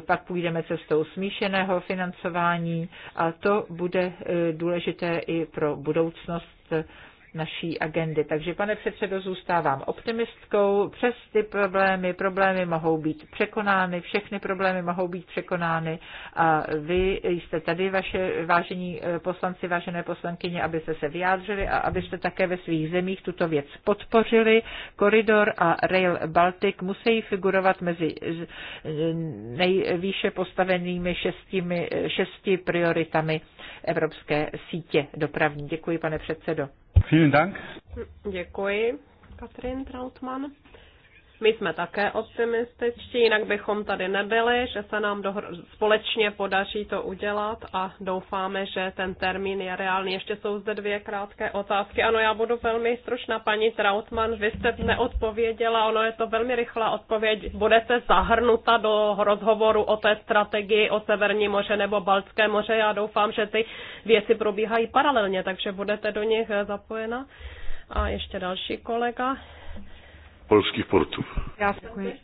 pak půjdeme cestou smíšeného financování a to bude důležité i pro budoucnost naší agendy. Takže, pane předsedo, zůstávám optimistkou. Přes ty problémy, problémy mohou být překonány, všechny problémy mohou být překonány a vy jste tady, vaše vážení eh, poslanci, vážené poslankyně, abyste se vyjádřili a abyste také ve svých zemích tuto věc podpořili. Koridor a Rail Baltic musí figurovat mezi nejvýše postavenými šestimi, šesti prioritami evropské sítě dopravní. Děkuji, pane předsedo. Vielen Dank. Děkuji, Katrin Trautmann. My jsme také optimističtí, jinak bychom tady nebyli, že se nám dohr- společně podaří to udělat a doufáme, že ten termín je reálný. Ještě jsou zde dvě krátké otázky. Ano, já budu velmi stručná, paní Trautmann, vy jste neodpověděla, ono je to velmi rychlá odpověď. Budete zahrnuta do rozhovoru o té strategii o Severní moře nebo Baltské moře. Já doufám, že ty věci probíhají paralelně, takže budete do nich zapojena. A ještě další kolega polských portů. Já děkuji.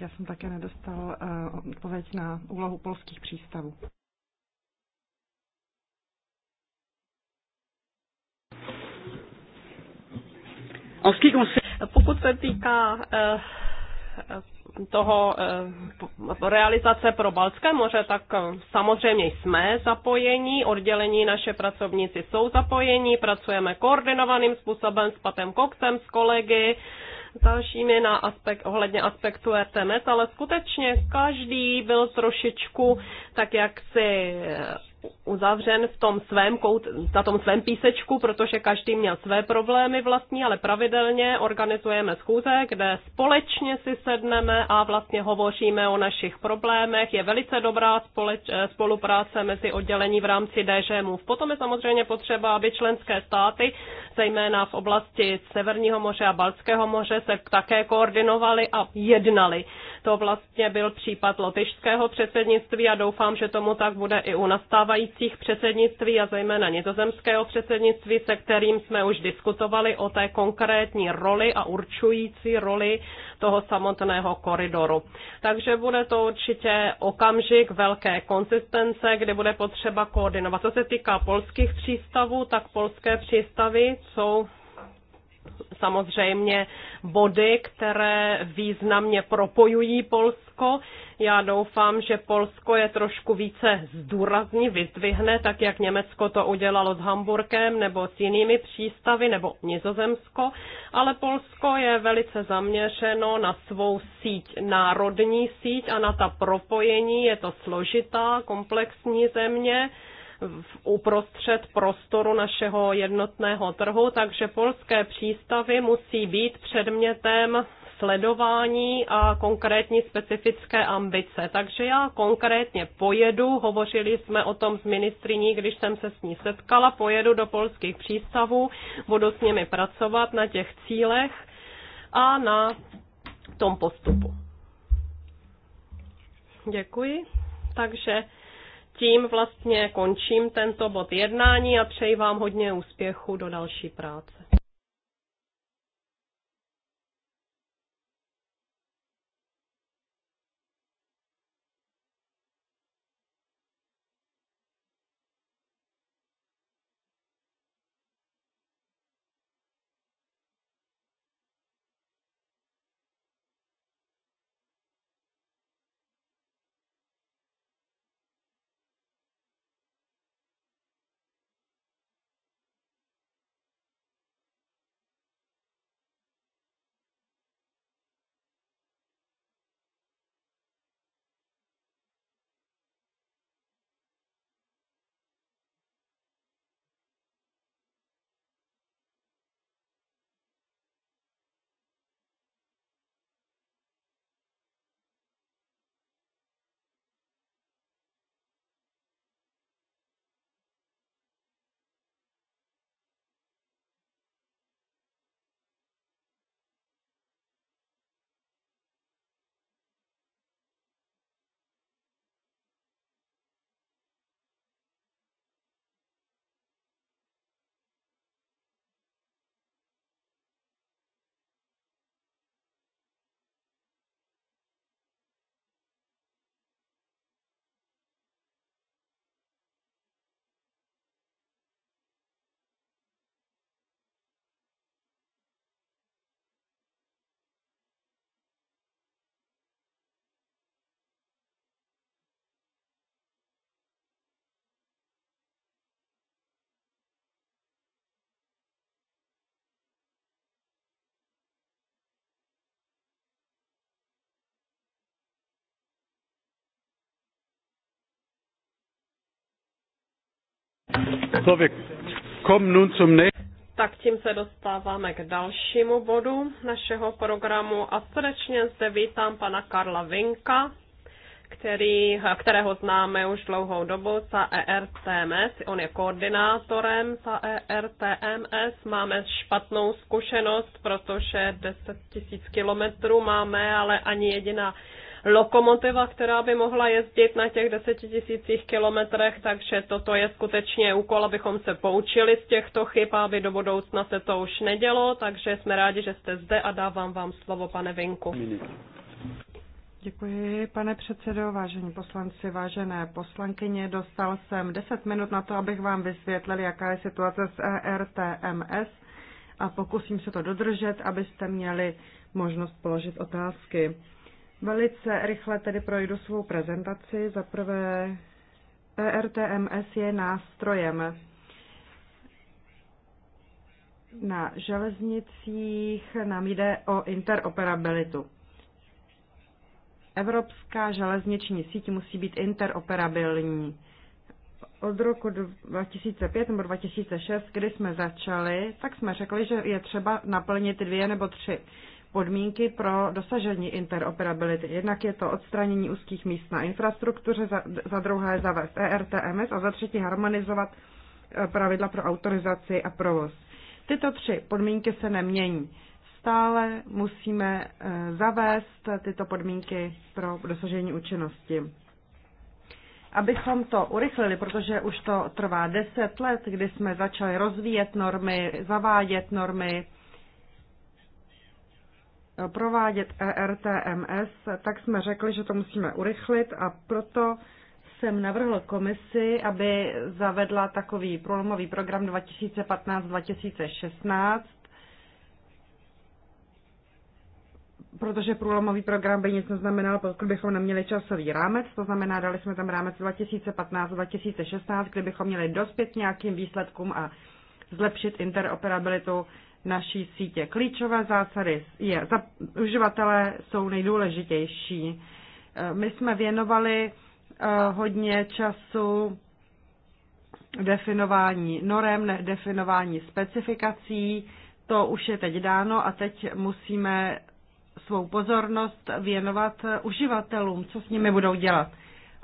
Já jsem také nedostal eh, odpověď na úlohu polských přístavů. Pokud se týká uh, toho eh, realizace pro Balské moře, tak eh, samozřejmě jsme zapojení, oddělení naše pracovníci jsou zapojení, pracujeme koordinovaným způsobem s Patem Koksem, s kolegy, s dalšími na aspekt, ohledně aspektu RTMS, ale skutečně každý byl trošičku tak jak si eh, uzavřen v tom svém kout, na tom svém písečku, protože každý měl své problémy vlastní, ale pravidelně organizujeme schůze, kde společně si sedneme a vlastně hovoříme o našich problémech. Je velice dobrá společ, eh, spolupráce mezi oddělení v rámci DŽMův. Potom je samozřejmě potřeba, aby členské státy, zejména v oblasti Severního moře a Balského moře, se také koordinovaly a jednali. To vlastně byl případ lotyšského předsednictví a doufám, že tomu tak bude i u nastávání stávajících předsednictví a zejména nizozemského předsednictví, se kterým jsme už diskutovali o té konkrétní roli a určující roli toho samotného koridoru. Takže bude to určitě okamžik velké konsistence, kde bude potřeba koordinovat. Co se týká polských přístavů, tak polské přístavy jsou samozřejmě body, které významně propojují Polsko. Já doufám, že Polsko je trošku více zdůrazní, vyzdvihne, tak jak Německo to udělalo s Hamburkem nebo s jinými přístavy nebo Nizozemsko, ale Polsko je velice zaměřeno na svou síť, národní síť a na ta propojení. Je to složitá, komplexní země v uprostřed prostoru našeho jednotného trhu, takže polské přístavy musí být předmětem sledování a konkrétní specifické ambice. Takže já konkrétně pojedu, hovořili jsme o tom s ministriní, když jsem se s ní setkala, pojedu do polských přístavů, budu s nimi pracovat na těch cílech a na tom postupu. Děkuji. Takže tím vlastně končím tento bod jednání a přeji vám hodně úspěchu do další práce. So, wir kommen nun zum nächsten. Tak tím se dostáváme k dalšímu bodu našeho programu a srdečně zde vítám pana Karla Vinka, který, kterého známe už dlouhou dobu za ERTMS. On je koordinátorem za ERTMS. Máme špatnou zkušenost, protože 10 tisíc kilometrů máme, ale ani jediná lokomotiva, která by mohla jezdit na těch desetitisících kilometrech, takže toto je skutečně úkol, abychom se poučili z těchto chyb, aby do budoucna se to už nedělo, takže jsme rádi, že jste zde a dávám vám slovo, pane Vinku. Děkuji, pane předsedo, vážení poslanci, vážené poslankyně. Dostal jsem 10 minut na to, abych vám vysvětlil, jaká je situace s ERTMS a pokusím se to dodržet, abyste měli možnost položit otázky. Velice rychle tedy projdu svou prezentaci. Za prvé, ERTMS je nástrojem na železnicích nám jde o interoperabilitu. Evropská železniční síť musí být interoperabilní. Od roku 2005 nebo 2006, kdy jsme začali, tak jsme řekli, že je třeba naplnit dvě nebo tři podmínky pro dosažení interoperability. Jednak je to odstranění úzkých míst na infrastruktuře, za, za druhé zavést ERTMS a za třetí harmonizovat eh, pravidla pro autorizaci a provoz. Tyto tři podmínky se nemění. Stále musíme eh, zavést tyto podmínky pro dosažení účinnosti. Abychom to urychlili, protože už to trvá deset let, kdy jsme začali rozvíjet normy, zavádět normy, Eh, provádět ERTMS, tak jsme řekli, že to musíme urychlit a proto jsem navrhl komisi, aby zavedla takový průlomový program 2015-2016, protože průlomový program by nic neznamenal, pokud bychom neměli časový rámec, to znamená, dali jsme tam rámec 2015-2016, kdybychom měli dospět nějakým výsledkům a zlepšit interoperabilitu naší sítě. Klíčové zásady je, za, uživatelé jsou nejdůležitější. E, my jsme věnovali e, hodně času definování norem, definování specifikací. To už je teď dáno a teď musíme svou pozornost věnovat uživatelům, co s nimi budou dělat.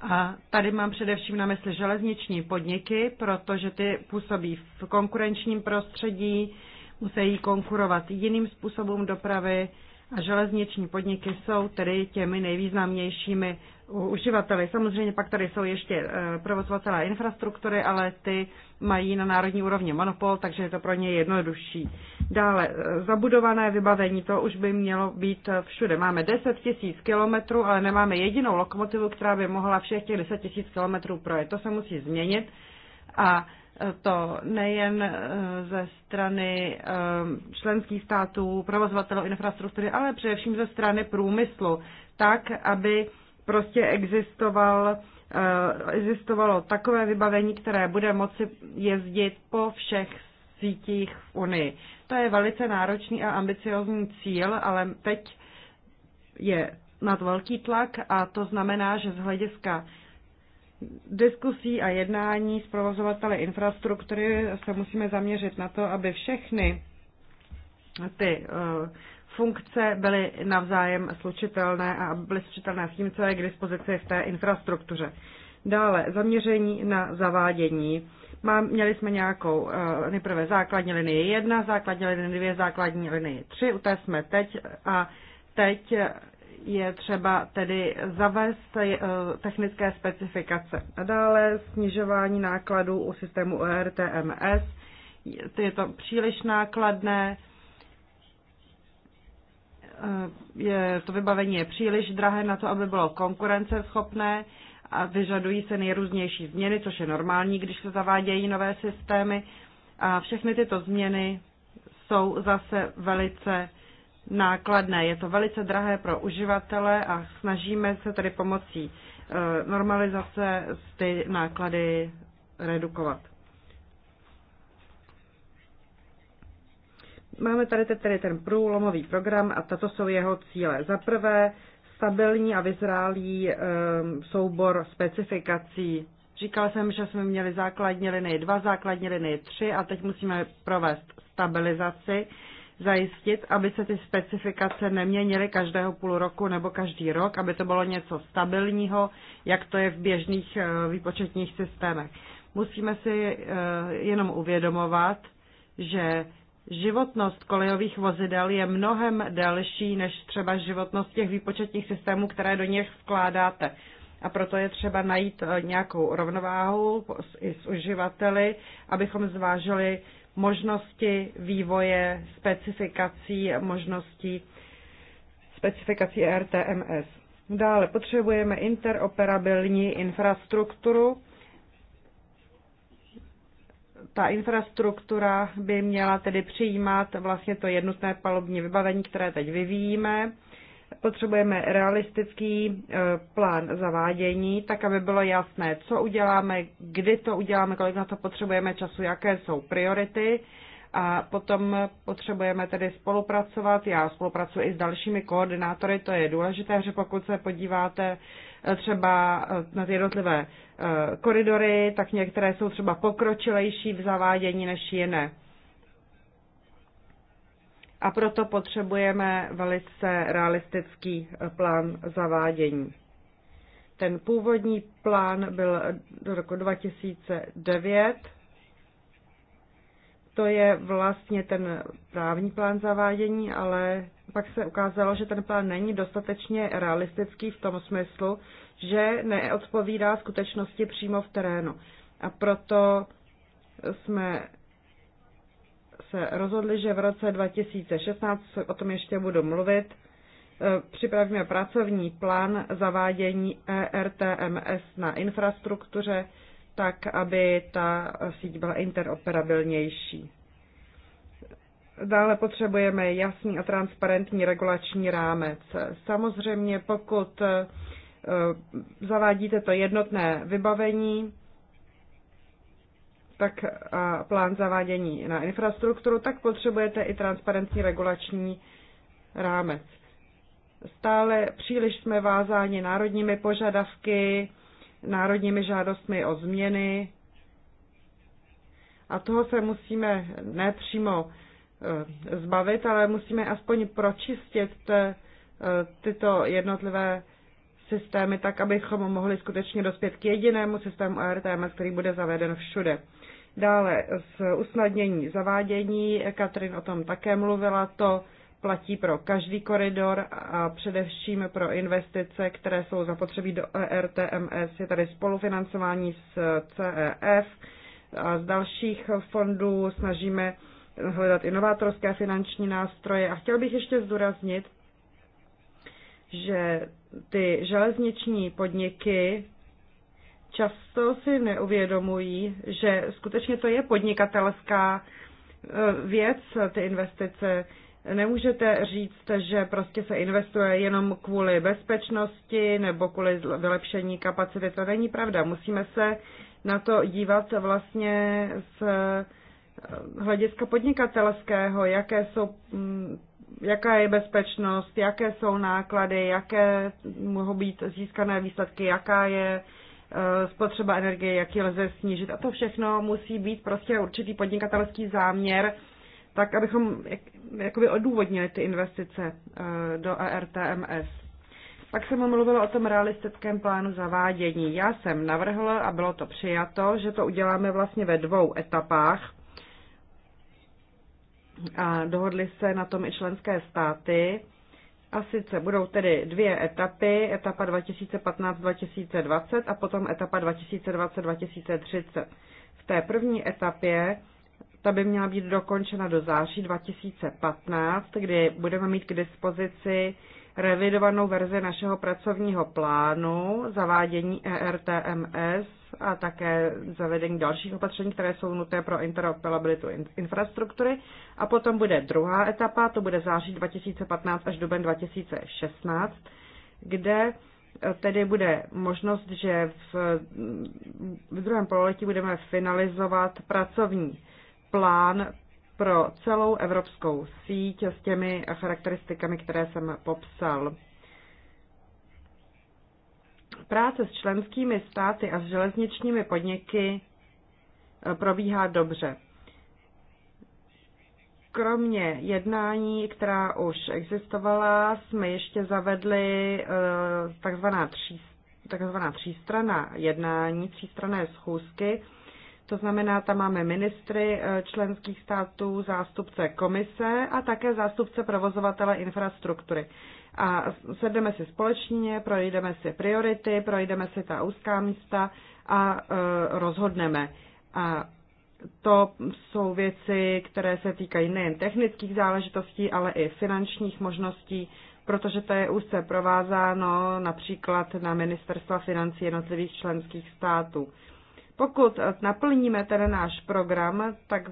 A tady mám především na mysli železniční podniky, protože ty působí v konkurenčním prostředí, musí konkurovat jiným způsobům dopravy a železniční podniky jsou tedy těmi nejvýznamnějšími uživateli. Samozřejmě pak tady jsou ještě eh, provozovatelé infrastruktury, ale ty mají na národní úrovni monopol, takže je to pro ně jednodušší. Dále eh, zabudované vybavení, to už by mělo být eh, všude. Máme 10 tisíc kilometrů, ale nemáme jedinou lokomotivu, která by mohla všech těch 10 tisíc kilometrů projet. To se musí změnit a to nejen eh, ze strany eh, členských států, provozovatelů infrastruktury, ale především ze strany průmyslu, tak, aby prostě existoval, eh, existovalo takové vybavení, které bude moci jezdit po všech sítích v Unii. To je velice náročný a ambiciozní cíl, ale teď je nad velký tlak a to znamená, že z hlediska diskusí a jednání s provozovateli infrastruktury se musíme zaměřit na to, aby všechny ty eh, funkce byly navzájem slučitelné a byly slučitelné s tím, co je k dispozici v té infrastruktuře. Dále zaměření na zavádění. Má, měli jsme nějakou uh, nejprve základní linii 1, základní linii 2, základní linii 3, u té jsme teď a teď je třeba tedy zavést eh, technické specifikace. A dále snižování nákladů u systému ERTMS. Je to příliš nákladné, eh, je, to vybavení je příliš drahé na to, aby bylo konkurenceschopné a vyžadují se nejrůznější změny, což je normální, když se zavádějí nové systémy. A všechny tyto změny jsou zase velice nákladné. Je to velice drahé pro uživatele a snažíme se tedy pomocí eh, normalizace ty náklady redukovat. Máme tady tedy ten průlomový program a tato jsou jeho cíle. Za prvé, stabilní a vyzrálý eh, soubor specifikací. Říkal jsem, že jsme měli základní linii dva základní linii tři a teď musíme provést stabilizaci zajistit, aby se ty specifikace neměnily každého půl roku nebo každý rok, aby to bylo něco stabilního, jak to je v běžných eh, výpočetních systémech. Musíme si eh, jenom uvědomovat, že životnost kolejových vozidel je mnohem delší než třeba životnost těch výpočetních systémů, které do nich vkládáte. A proto je třeba najít eh, nějakou rovnováhu i s uživateli, abychom zvážili možnosti vývoje specifikací, možností specifikací RTMS. Dále potřebujeme interoperabilní infrastrukturu. Ta infrastruktura by měla tedy přijímat vlastně to jednotné palubní vybavení, které teď vyvíjíme Potřebujeme realistický e, plán zavádění, tak aby bylo jasné, co uděláme, kdy to uděláme, kolik na to potřebujeme času, jaké jsou priority. A potom potřebujeme tedy spolupracovat. Já spolupracuji i s dalšími koordinátory, to je důležité, že pokud se podíváte e, třeba e, na ty jednotlivé koridory, tak některé jsou třeba pokročilejší v zavádění než jiné a proto potřebujeme velice realistický eh, plán zavádění. Ten původní plán byl do roku 2009. To je vlastně ten právní plán zavádění, ale pak se ukázalo, že ten plán není dostatečně realistický v tom smyslu, že neodpovídá skutečnosti přímo v terénu. A proto jsme se rozhodli, že v roce 2016, o tom ještě budu mluvit, e, připravíme pracovní plán zavádění ERTMS na infrastruktuře, tak aby ta síť byla interoperabilnější. Dále potřebujeme jasný a transparentní regulační rámec. Samozřejmě, pokud e, zavádíte to jednotné vybavení, tak a eh, plán zavádění na infrastrukturu, tak potřebujete i transparentní regulační rámec. Stále příliš jsme vázáni národními požadavky, národními žádostmi o změny a toho se musíme nepřímo eh, zbavit, ale musíme aspoň pročistit eh, tyto jednotlivé systémy tak, abychom mohli skutečně dospět k jedinému systému ARTMS, který bude zaveden všude. Dále z usnadnění zavádění, Katrin o tom také mluvila, to platí pro každý koridor a především pro investice, které jsou zapotřebí do ERTMS. Je tady spolufinancování s CEF a z dalších fondů snažíme hledat inovátorské finanční nástroje. A chtěl bych ještě zdůraznit, že ty železniční podniky často si neuvědomují, že skutečně to je podnikatelská e, věc, ty investice. Nemůžete říct, že prostě se investuje jenom kvůli bezpečnosti nebo kvůli vylepšení kapacity. To není pravda. Musíme se na to dívat vlastně z e, hlediska podnikatelského, jaké jsou, mm, jaká je bezpečnost, jaké jsou náklady, jaké mohou být získané výsledky, jaká je Eh, spotřeba energie, jak ji lze snížit. A to všechno musí být prostě určitý podnikatelský záměr, tak abychom jak, jakoby odůvodnili ty investice eh, do ERTMS. Pak jsem mluvila o tom realistickém plánu zavádění. Já jsem navrhla a bylo to přijato, že to uděláme vlastně ve dvou etapách. A dohodli se na tom i členské státy. A sice budou tedy dvě etapy, etapa 2015-2020 a potom etapa 2020-2030. V té první etapě ta by měla být dokončena do září 2015, kdy budeme mít k dispozici revidovanou verzi našeho pracovního plánu, zavádění ERTMS a také zavedení dalších opatření, které jsou nutné pro interoperabilitu infrastruktury. A potom bude druhá etapa, to bude září 2015 až duben 2016, kde eh, tedy bude možnost, že v, v druhém pololetí budeme finalizovat pracovní plán pro celou evropskou síť s těmi charakteristikami, které jsem popsal. Práce s členskými státy a s železničními podniky eh, probíhá dobře. Kromě jednání, která už existovala, jsme ještě zavedli eh, takzvaná, tří, takzvaná třístrana jednání, třístrané schůzky, to znamená, tam máme ministry eh, členských států, zástupce komise a také zástupce provozovatele infrastruktury. A sedneme si společně, projdeme si priority, projdeme si ta úzká místa a eh, rozhodneme. A to jsou věci, které se týkají nejen technických záležitostí, ale i finančních možností, protože to je úzce provázáno například na ministerstva financí jednotlivých členských států. Pokud naplníme ten náš program, tak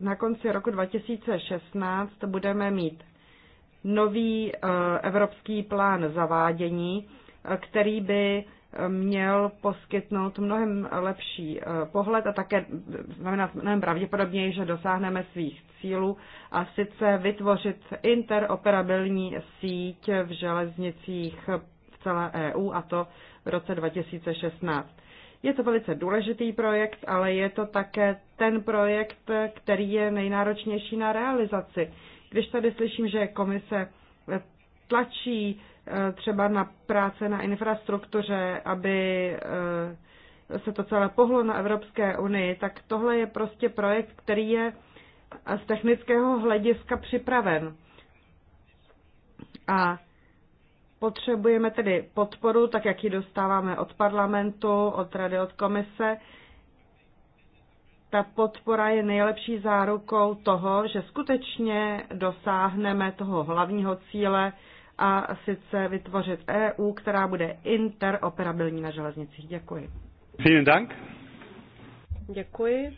na konci roku 2016 budeme mít nový eh, evropský plán zavádění, eh, který by eh, měl poskytnout mnohem lepší pohled a také znamená mnohem pravděpodobněji, že dosáhneme svých cílů a sice vytvořit interoperabilní síť v železnicích v celé EU a to v roce 2016. Je to velice důležitý projekt, ale je to také ten projekt, který je nejnáročnější na realizaci. Když tady slyším, že komise tlačí eh, třeba na práce na infrastruktuře, aby eh, se to celé pohlo na Evropské unii, tak tohle je prostě projekt, který je eh, z technického hlediska připraven. A Potřebujeme tedy podporu, tak jak ji dostáváme od parlamentu, od rady, od komise. Ta podpora je nejlepší zárukou toho, že skutečně dosáhneme toho hlavního cíle a sice vytvořit EU, která bude interoperabilní na železnicích. Děkuji. Vielen Dank. Děkuji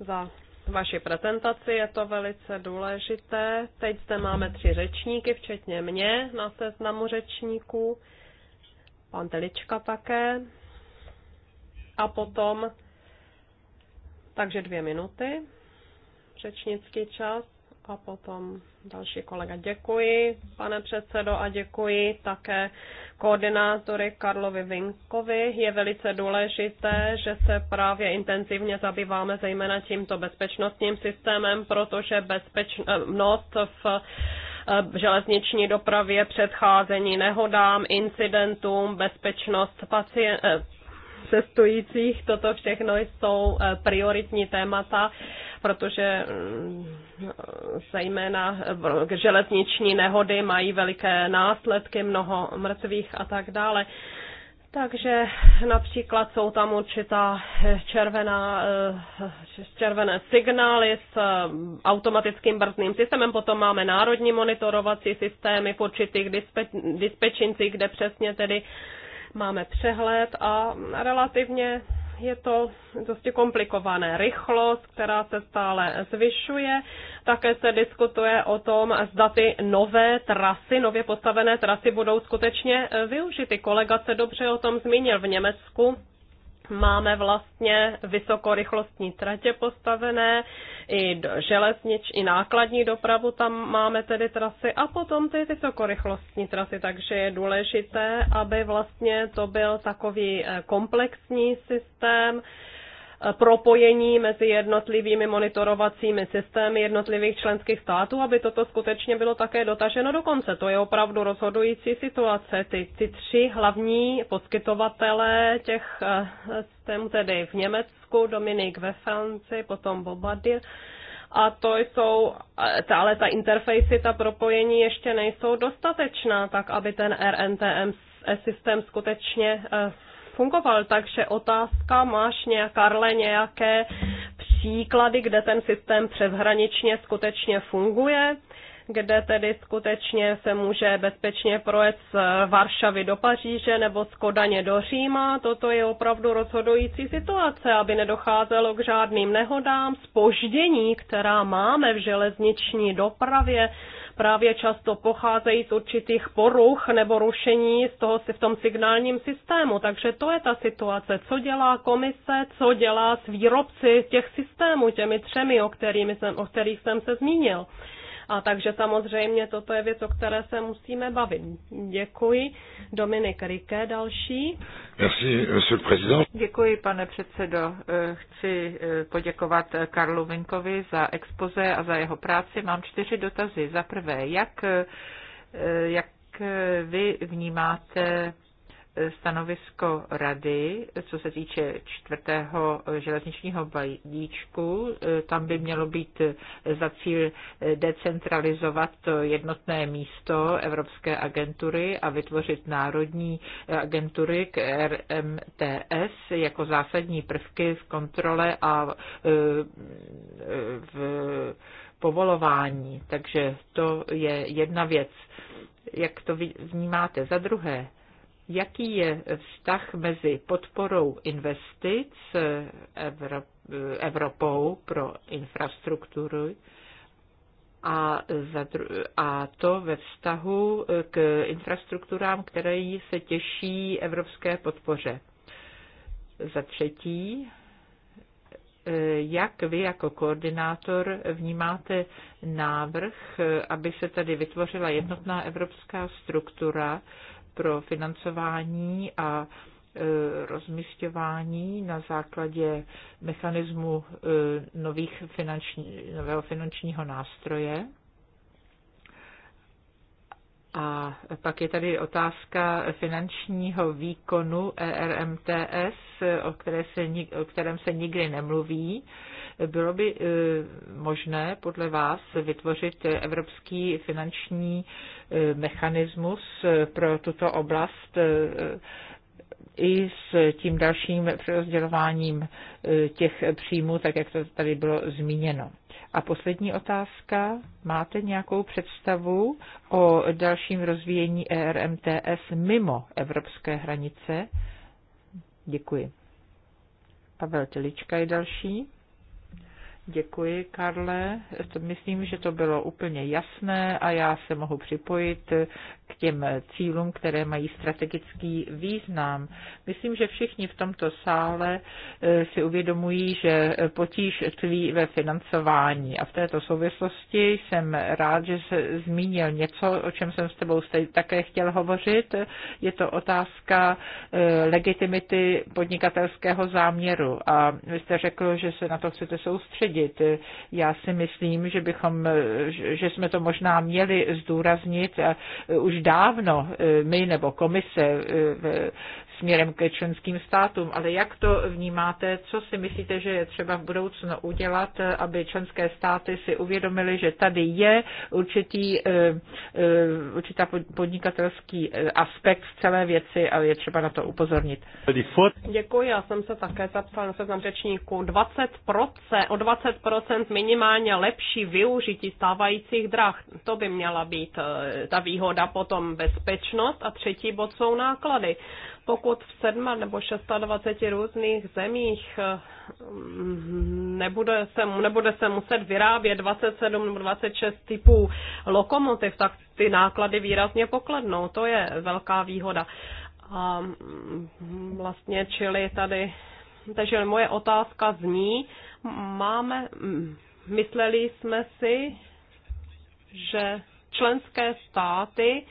za vaši prezentaci, je to velice důležité. Teď zde máme tři řečníky, včetně mě na seznamu řečníků, pan Telička také. A potom, takže dvě minuty, řečnický čas a potom další kolega. Děkuji, pane předsedo, a děkuji také koordinátory Karlovi Vinkovi. Je velice důležité, že se právě intenzivně zabýváme zejména tímto bezpečnostním systémem, protože bezpečnost v eh, železniční dopravě, předcházení nehodám, incidentům, bezpečnost pacient, eh, cestujících. Toto všechno jsou eh, prioritní témata, protože mm, zejména eh, železniční nehody mají veliké následky, mnoho mrtvých a tak dále. Takže například jsou tam určitá eh, červená, červené signály s automatickým brzdným systémem, potom máme národní monitorovací systémy v určitých dispečincích, kde přesně tedy máme přehled a relativně je to dosti komplikované. Rychlost, která se stále zvyšuje, také se diskutuje o tom, zda ty nové trasy, nově postavené trasy budou skutečně využity. Kolega se dobře o tom zmínil v Německu máme vlastně vysokorychlostní tratě postavené, i železnič, i nákladní dopravu tam máme tedy trasy a potom ty vysokorychlostní trasy, takže je důležité, aby vlastně to byl takový eh, komplexní systém, propojení mezi jednotlivými monitorovacími systémy jednotlivých členských států, aby toto skutečně bylo také dotaženo do konce. To je opravdu rozhodující situace. Ty, ty tři hlavní poskytovatele těch eh, systémů, tedy v Německu, Dominik ve Francii, potom Bobadil, a to jsou, eh, ale ta interfejsy, ta propojení ještě nejsou dostatečná, tak aby ten RNTM systém skutečně eh, fungoval, takže otázka, máš nějaké, nějaké příklady, kde ten systém přeshraničně skutečně funguje, kde tedy skutečně se může bezpečně projet z Varšavy do Paříže nebo z Kodaně do Říma. Toto je opravdu rozhodující situace, aby nedocházelo k žádným nehodám, spoždění, která máme v železniční dopravě, právě často pocházejí z určitých poruch nebo rušení z toho si v tom signálním systému. Takže to je ta situace. Co dělá komise, co dělá s výrobci těch systémů, těmi třemi, o, kterými jsem, o kterých jsem se zmínil. A takže samozřejmě toto je věc, o které se musíme bavit. Děkuji. Dominik Rike, další. Merci, Děkuji, pane předsedo. Eh, chci eh, poděkovat eh, Karlu Vinkovi za expoze a za jeho práci. Mám čtyři dotazy. Za prvé, jak, jak vy vnímáte stanovisko rady, co se týče čtvrtého železničního balíčku. Tam by mělo být za cíl decentralizovat to jednotné místo Evropské agentury a vytvořit národní agentury k RMTS jako zásadní prvky v kontrole a e, v povolování. Takže to je jedna věc. Jak to vnímáte? Za druhé, jaký je vztah mezi podporou investic Evropou pro infrastrukturu a, to ve vztahu k infrastrukturám, které se těší evropské podpoře. Za třetí, jak vy jako koordinátor vnímáte návrh, aby se tady vytvořila jednotná evropská struktura, pro financování a e, rozmístěvání na základě mechanismu e, nových finanční, nového finančního nástroje a pak je tady otázka finančního výkonu ERMTS, o, které se, o kterém se nikdy nemluví. Bylo by e, možné podle vás vytvořit evropský finanční e, mechanismus pro tuto oblast e, i s tím dalším přerozdělováním těch příjmů, tak jak to tady bylo zmíněno. A poslední otázka. Máte nějakou představu o dalším rozvíjení ERMTS mimo evropské hranice? Děkuji. Pavel Tilička je další. Děkuji, Karle. Myslím, že to bylo úplně jasné a já se mohu připojit k těm cílům, které mají strategický význam. Myslím, že všichni v tomto sále eh, si uvědomují, že potíž tlí ve financování. A v této souvislosti jsem rád, že se zmínil něco, o čem jsem s tebou také chtěl hovořit. Je to otázka eh, legitimity podnikatelského záměru. A vy jste řekl, že se na to chcete soustředit potvrdit. Já si myslím, že bychom, že jsme to možná měli zdůraznit eh, už dávno, eh, my nebo komise eh, směrem ke členským státům, ale jak to vnímáte, co si myslíte, že je třeba v budoucnu udělat, aby členské státy si uvědomili, že tady je určitý, eh, eh, určitá podnikatelský eh, aspekt v celé věci a je třeba na to upozornit. Děkuji, já jsem se také zapsal na seznam řečníků. 20%, o 20% minimálně lepší využití stávajících drah. To by měla být ta výhoda potom bezpečnost a třetí bod jsou náklady. Pokud v 7 nebo 26 různých zemích eh, nebude se, nebude se muset vyrábět 27 nebo 26 typů lokomotiv, tak ty náklady výrazně pokladnou. To je velká výhoda. A mm, vlastně, čili tady, takže moje otázka zní, máme, mm, mysleli jsme si, že členské státy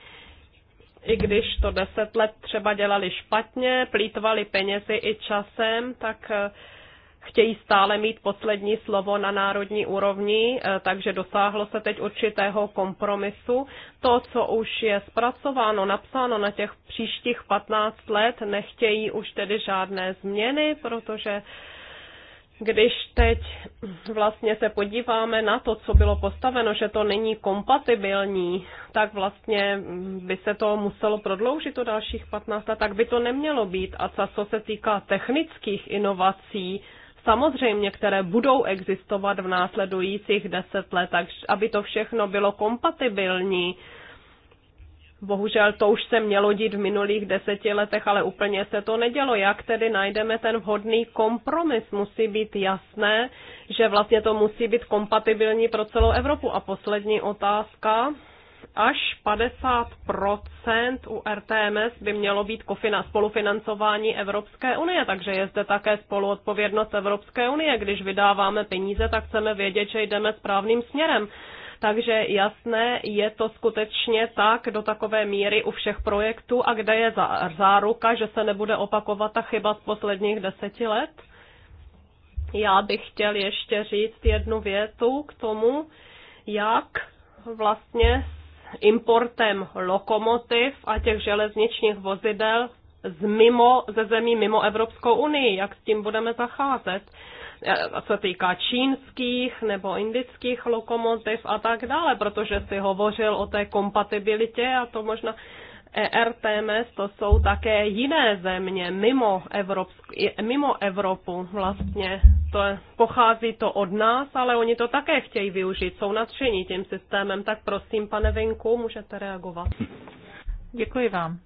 i když to deset let třeba dělali špatně, plítvali penězi i časem, tak eh, chtějí stále mít poslední slovo na národní úrovni, eh, takže dosáhlo se teď určitého kompromisu. To, co už je zpracováno, napsáno na těch příštích 15 let, nechtějí už tedy žádné změny, protože když teď vlastně se podíváme na to, co bylo postaveno, že to není kompatibilní, tak vlastně by se to muselo prodloužit o dalších 15 let, tak by to nemělo být. A co se týká technických inovací, samozřejmě, které budou existovat v následujících deset let, tak aby to všechno bylo kompatibilní Bohužel to už se mělo dít v minulých deseti letech, ale úplně se to nedělo. Jak tedy najdeme ten vhodný kompromis? Musí být jasné, že vlastně to musí být kompatibilní pro celou Evropu. A poslední otázka. Až 50% u RTMS by mělo být kofina spolufinancování Evropské unie, takže je zde také spoluodpovědnost Evropské unie. Když vydáváme peníze, tak chceme vědět, že jdeme správným směrem. Takže jasné, je to skutečně tak do takové míry u všech projektů a kde je záruka, že se nebude opakovat ta chyba z posledních deseti let? Já bych chtěl ještě říct jednu větu k tomu, jak vlastně s importem lokomotiv a těch železničních vozidel z mimo, ze zemí mimo Evropskou unii, jak s tím budeme zacházet. Eh, co týká čínských nebo indických lokomotiv a tak dále, protože si hovořil o té kompatibilitě a to možná ERTMS to jsou také jiné země mimo, Evropsk- mimo Evropu vlastně. To je, pochází to od nás, ale oni to také chtějí využít, jsou nadšení tím systémem. Tak prosím, pane Vinku, můžete reagovat. Děkuji vám.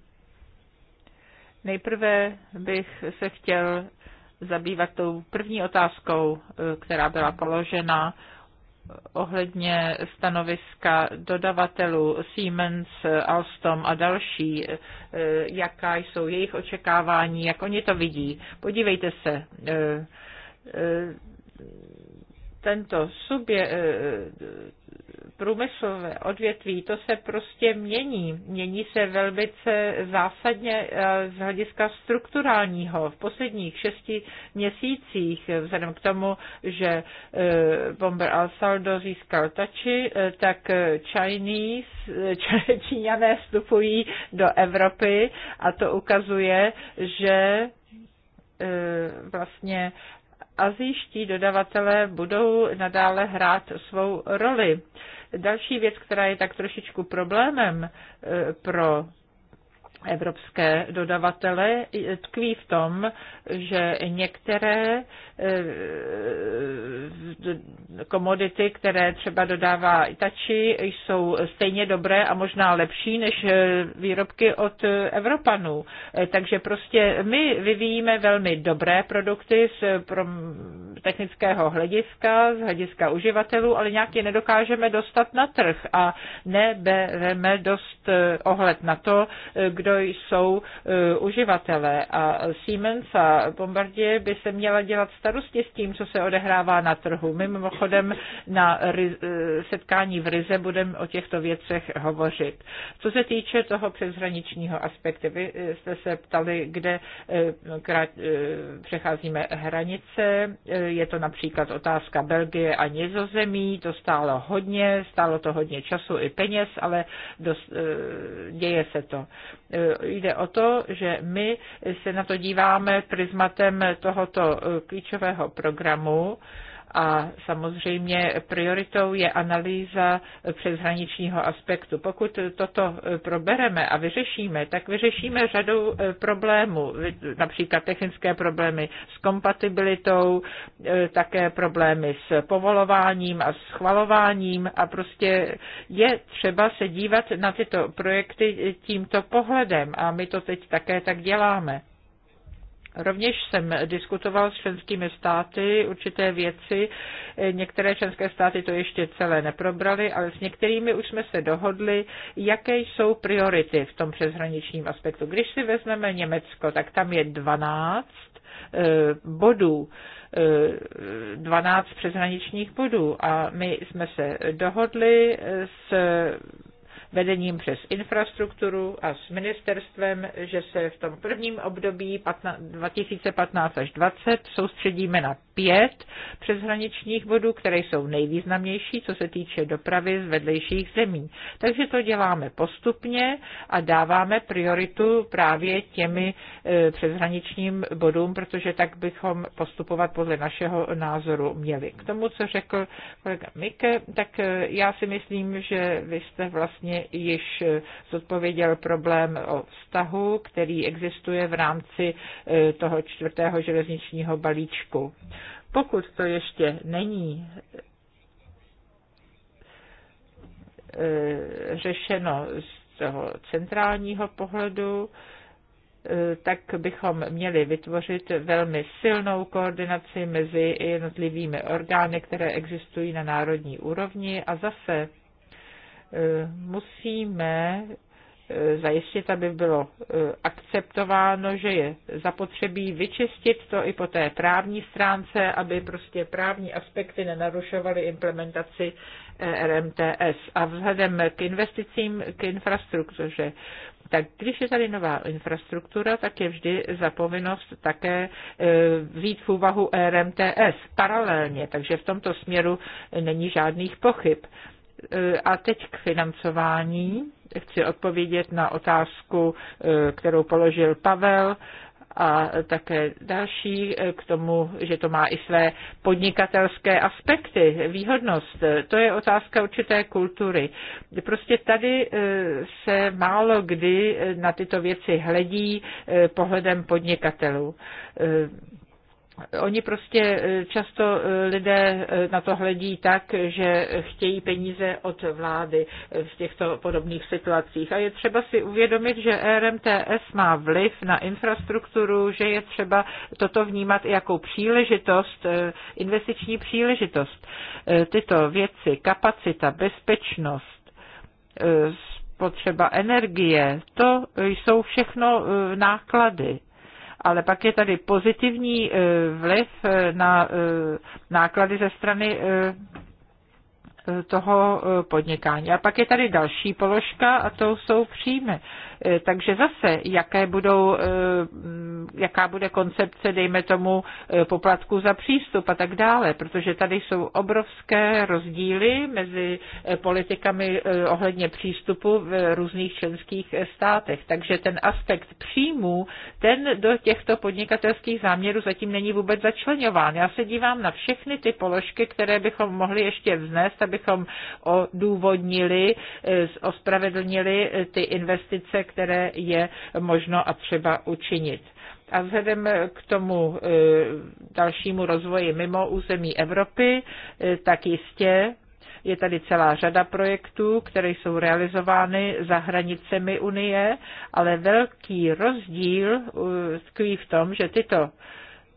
Nejprve bych se chtěl zabývat tou první otázkou, e, která byla položena e, ohledně stanoviska dodavatelů Siemens, Alstom a další, e, jaká jsou jejich očekávání, jak oni to vidí. Podívejte se, tento subje, průmyslové odvětví, to se prostě mění. Mění se velmi zásadně eh, z hlediska strukturálního. V posledních šesti měsících, eh, vzhledem k tomu, že eh, Bomber Al-Saldo získal tači, tak Chinese, Číňané vstupují do Evropy a to ukazuje, že vlastně azijští dodavatelé budou nadále hrát svou roli. Další věc, která je tak trošičku problémem eh, pro evropské dodavatele tkví v tom, že některé eh, komodity, které třeba dodává Itači, jsou stejně dobré a možná lepší než eh, výrobky od eh, Evropanů. Takže prostě my vyvíjíme velmi dobré produkty z technického hlediska, z hlediska uživatelů, ale nějak je nedokážeme dostat na trh a nebereme dost ohled na to, kdo kdo jsou eh, uživatelé. A Siemens a Bombardier by se měla dělat starosti s tím, co se odehrává na trhu. My mimochodem na eh, setkání v Rize budeme o těchto věcech hovořit. Co se týče toho přeshraničního aspektu, vy eh, jste se ptali, kde krát, přecházíme hranice. Je to například otázka Belgie a Nizozemí. To stálo hodně, stálo to hodně času i peněz, ale dost, děje se to. E, jde o to, že my se na to díváme prismatem tohoto e, klíčového programu a samozřejmě prioritou je analýza přeshraničního aspektu. Pokud toto probereme a vyřešíme, tak vyřešíme řadu eh, problémů, například technické problémy s kompatibilitou, eh, také problémy s povolováním a schvalováním a prostě je třeba se dívat na tyto projekty eh, tímto pohledem a my to teď také tak děláme. Rovněž jsem diskutoval s členskými státy určité věci. Některé členské státy to ještě celé neprobrali, ale s některými už jsme se dohodli, jaké jsou priority v tom přeshraničním aspektu. Když si vezmeme Německo, tak tam je 12 eh, bodů, 12 eh, přeshraničních bodů a my jsme se dohodli s vedením přes infrastrukturu a s ministerstvem, že se v tom prvním období 2015 až 2020 soustředíme na pět přeshraničních bodů, které jsou nejvýznamnější, co se týče dopravy z vedlejších zemí. Takže to děláme postupně a dáváme prioritu právě těmi e, přeshraničním bodům, protože tak bychom postupovat podle našeho názoru měli. K tomu, co řekl kolega Mike, tak e, já si myslím, že vy jste vlastně již zodpověděl problém o vztahu, který existuje v rámci eh, toho čtvrtého železničního balíčku. Pokud to ještě není eh, řešeno z toho centrálního pohledu, eh, tak bychom měli vytvořit velmi silnou koordinaci mezi jednotlivými orgány, které existují na národní úrovni a zase Eh, musíme eh, zajistit, aby bylo eh, akceptováno, že je zapotřebí vyčistit to i po té právní stránce, aby prostě právní aspekty nenarušovaly implementaci RMTS. A vzhledem k investicím k infrastruktuře, tak když je tady nová infrastruktura, tak je vždy zapovinnost také vzít v úvahu RMTS paralelně, takže v tomto směru není žádných pochyb. E, a teď k financování. Chci odpovědět na otázku, e, kterou položil Pavel a také další e, k tomu, že to má i své podnikatelské aspekty, výhodnost. To je otázka určité kultury. Prostě tady se málo kdy na tyto věci hledí pohledem podnikatelů Oni prostě e, často e, lidé e, na to hledí tak, že chtějí peníze od vlády v těchto podobných situacích. A je třeba si uvědomit, že RMTS má vliv na infrastrukturu, že je třeba toto vnímat i jako příležitost, investiční příležitost. Tyto věci, kapacita, bezpečnost, potřeba energie, to jsou všechno náklady ale pak je tady pozitivní eh, vliv eh, na eh, náklady ze strany toho podnikání. A pak je tady další položka a to jsou příjmy. Eh, takže zase, jaké budou, eh, mm, jaká bude koncepce, dejme tomu, eh, poplatku za přístup a tak dále, protože tady jsou obrovské rozdíly mezi politikami ohledně přístupu v různých členských státech. Takže ten aspekt příjmů, ten do těchto podnikatelských záměrů zatím není vůbec začlenován. Já se dívám na všechny ty položky, které bychom mohli ještě vznést, abychom odůvodnili, ospravedlnili ty investice, které je možno a třeba učinit. A vzhledem k tomu e, dalšímu rozvoji mimo území Evropy, e, tak jistě je tady celá řada projektů, které jsou realizovány za hranicemi Unie, ale velký rozdíl e, tkví v tom, že tyto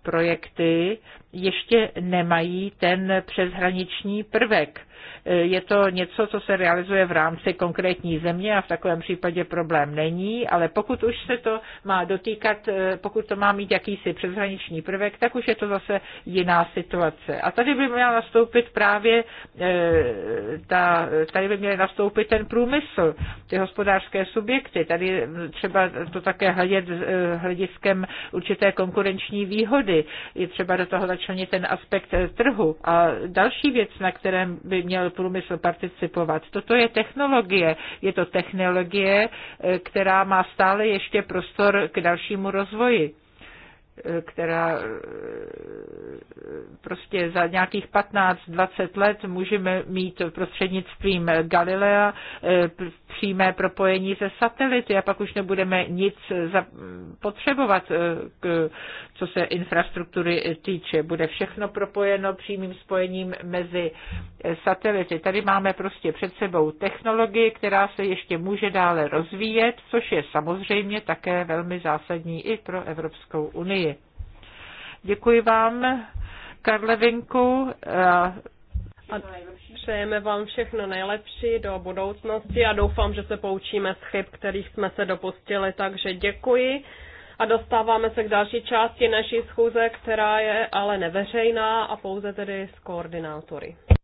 projekty ještě nemají ten přeshraniční prvek Eh, je to něco, co se realizuje v rámci konkrétní země a v takovém případě problém není, ale pokud už se to má dotýkat, eh, pokud to má mít jakýsi přeshraniční prvek, tak už je to zase jiná situace. A tady by měla nastoupit právě eh, ta, tady by měl nastoupit ten průmysl, ty hospodářské subjekty. Tady třeba to také hledět hlediskem určité konkurenční výhody. Je třeba do toho začlenit ten aspekt trhu. A další věc, na kterém by měl průmysl participovat. Toto je technologie. Je to technologie, eh, která má stále ještě prostor k dalšímu rozvoji. Eh, která eh, prostě za nějakých 15-20 let můžeme mít prostřednictvím Galilea eh, přímé propojení se satelity a pak už nebudeme nic potřebovat, co se infrastruktury týče. Bude všechno propojeno přímým spojením mezi satelity. Tady máme prostě před sebou technologii, která se ještě může dále rozvíjet, což je samozřejmě také velmi zásadní i pro Evropskou unii. Děkuji vám, Karle Vinku. A přejeme vám všechno nejlepší do budoucnosti a doufám, že se poučíme z chyb, kterých jsme se dopustili. Takže děkuji a dostáváme se k další části naší schůze, která je ale neveřejná a pouze tedy s koordinátory.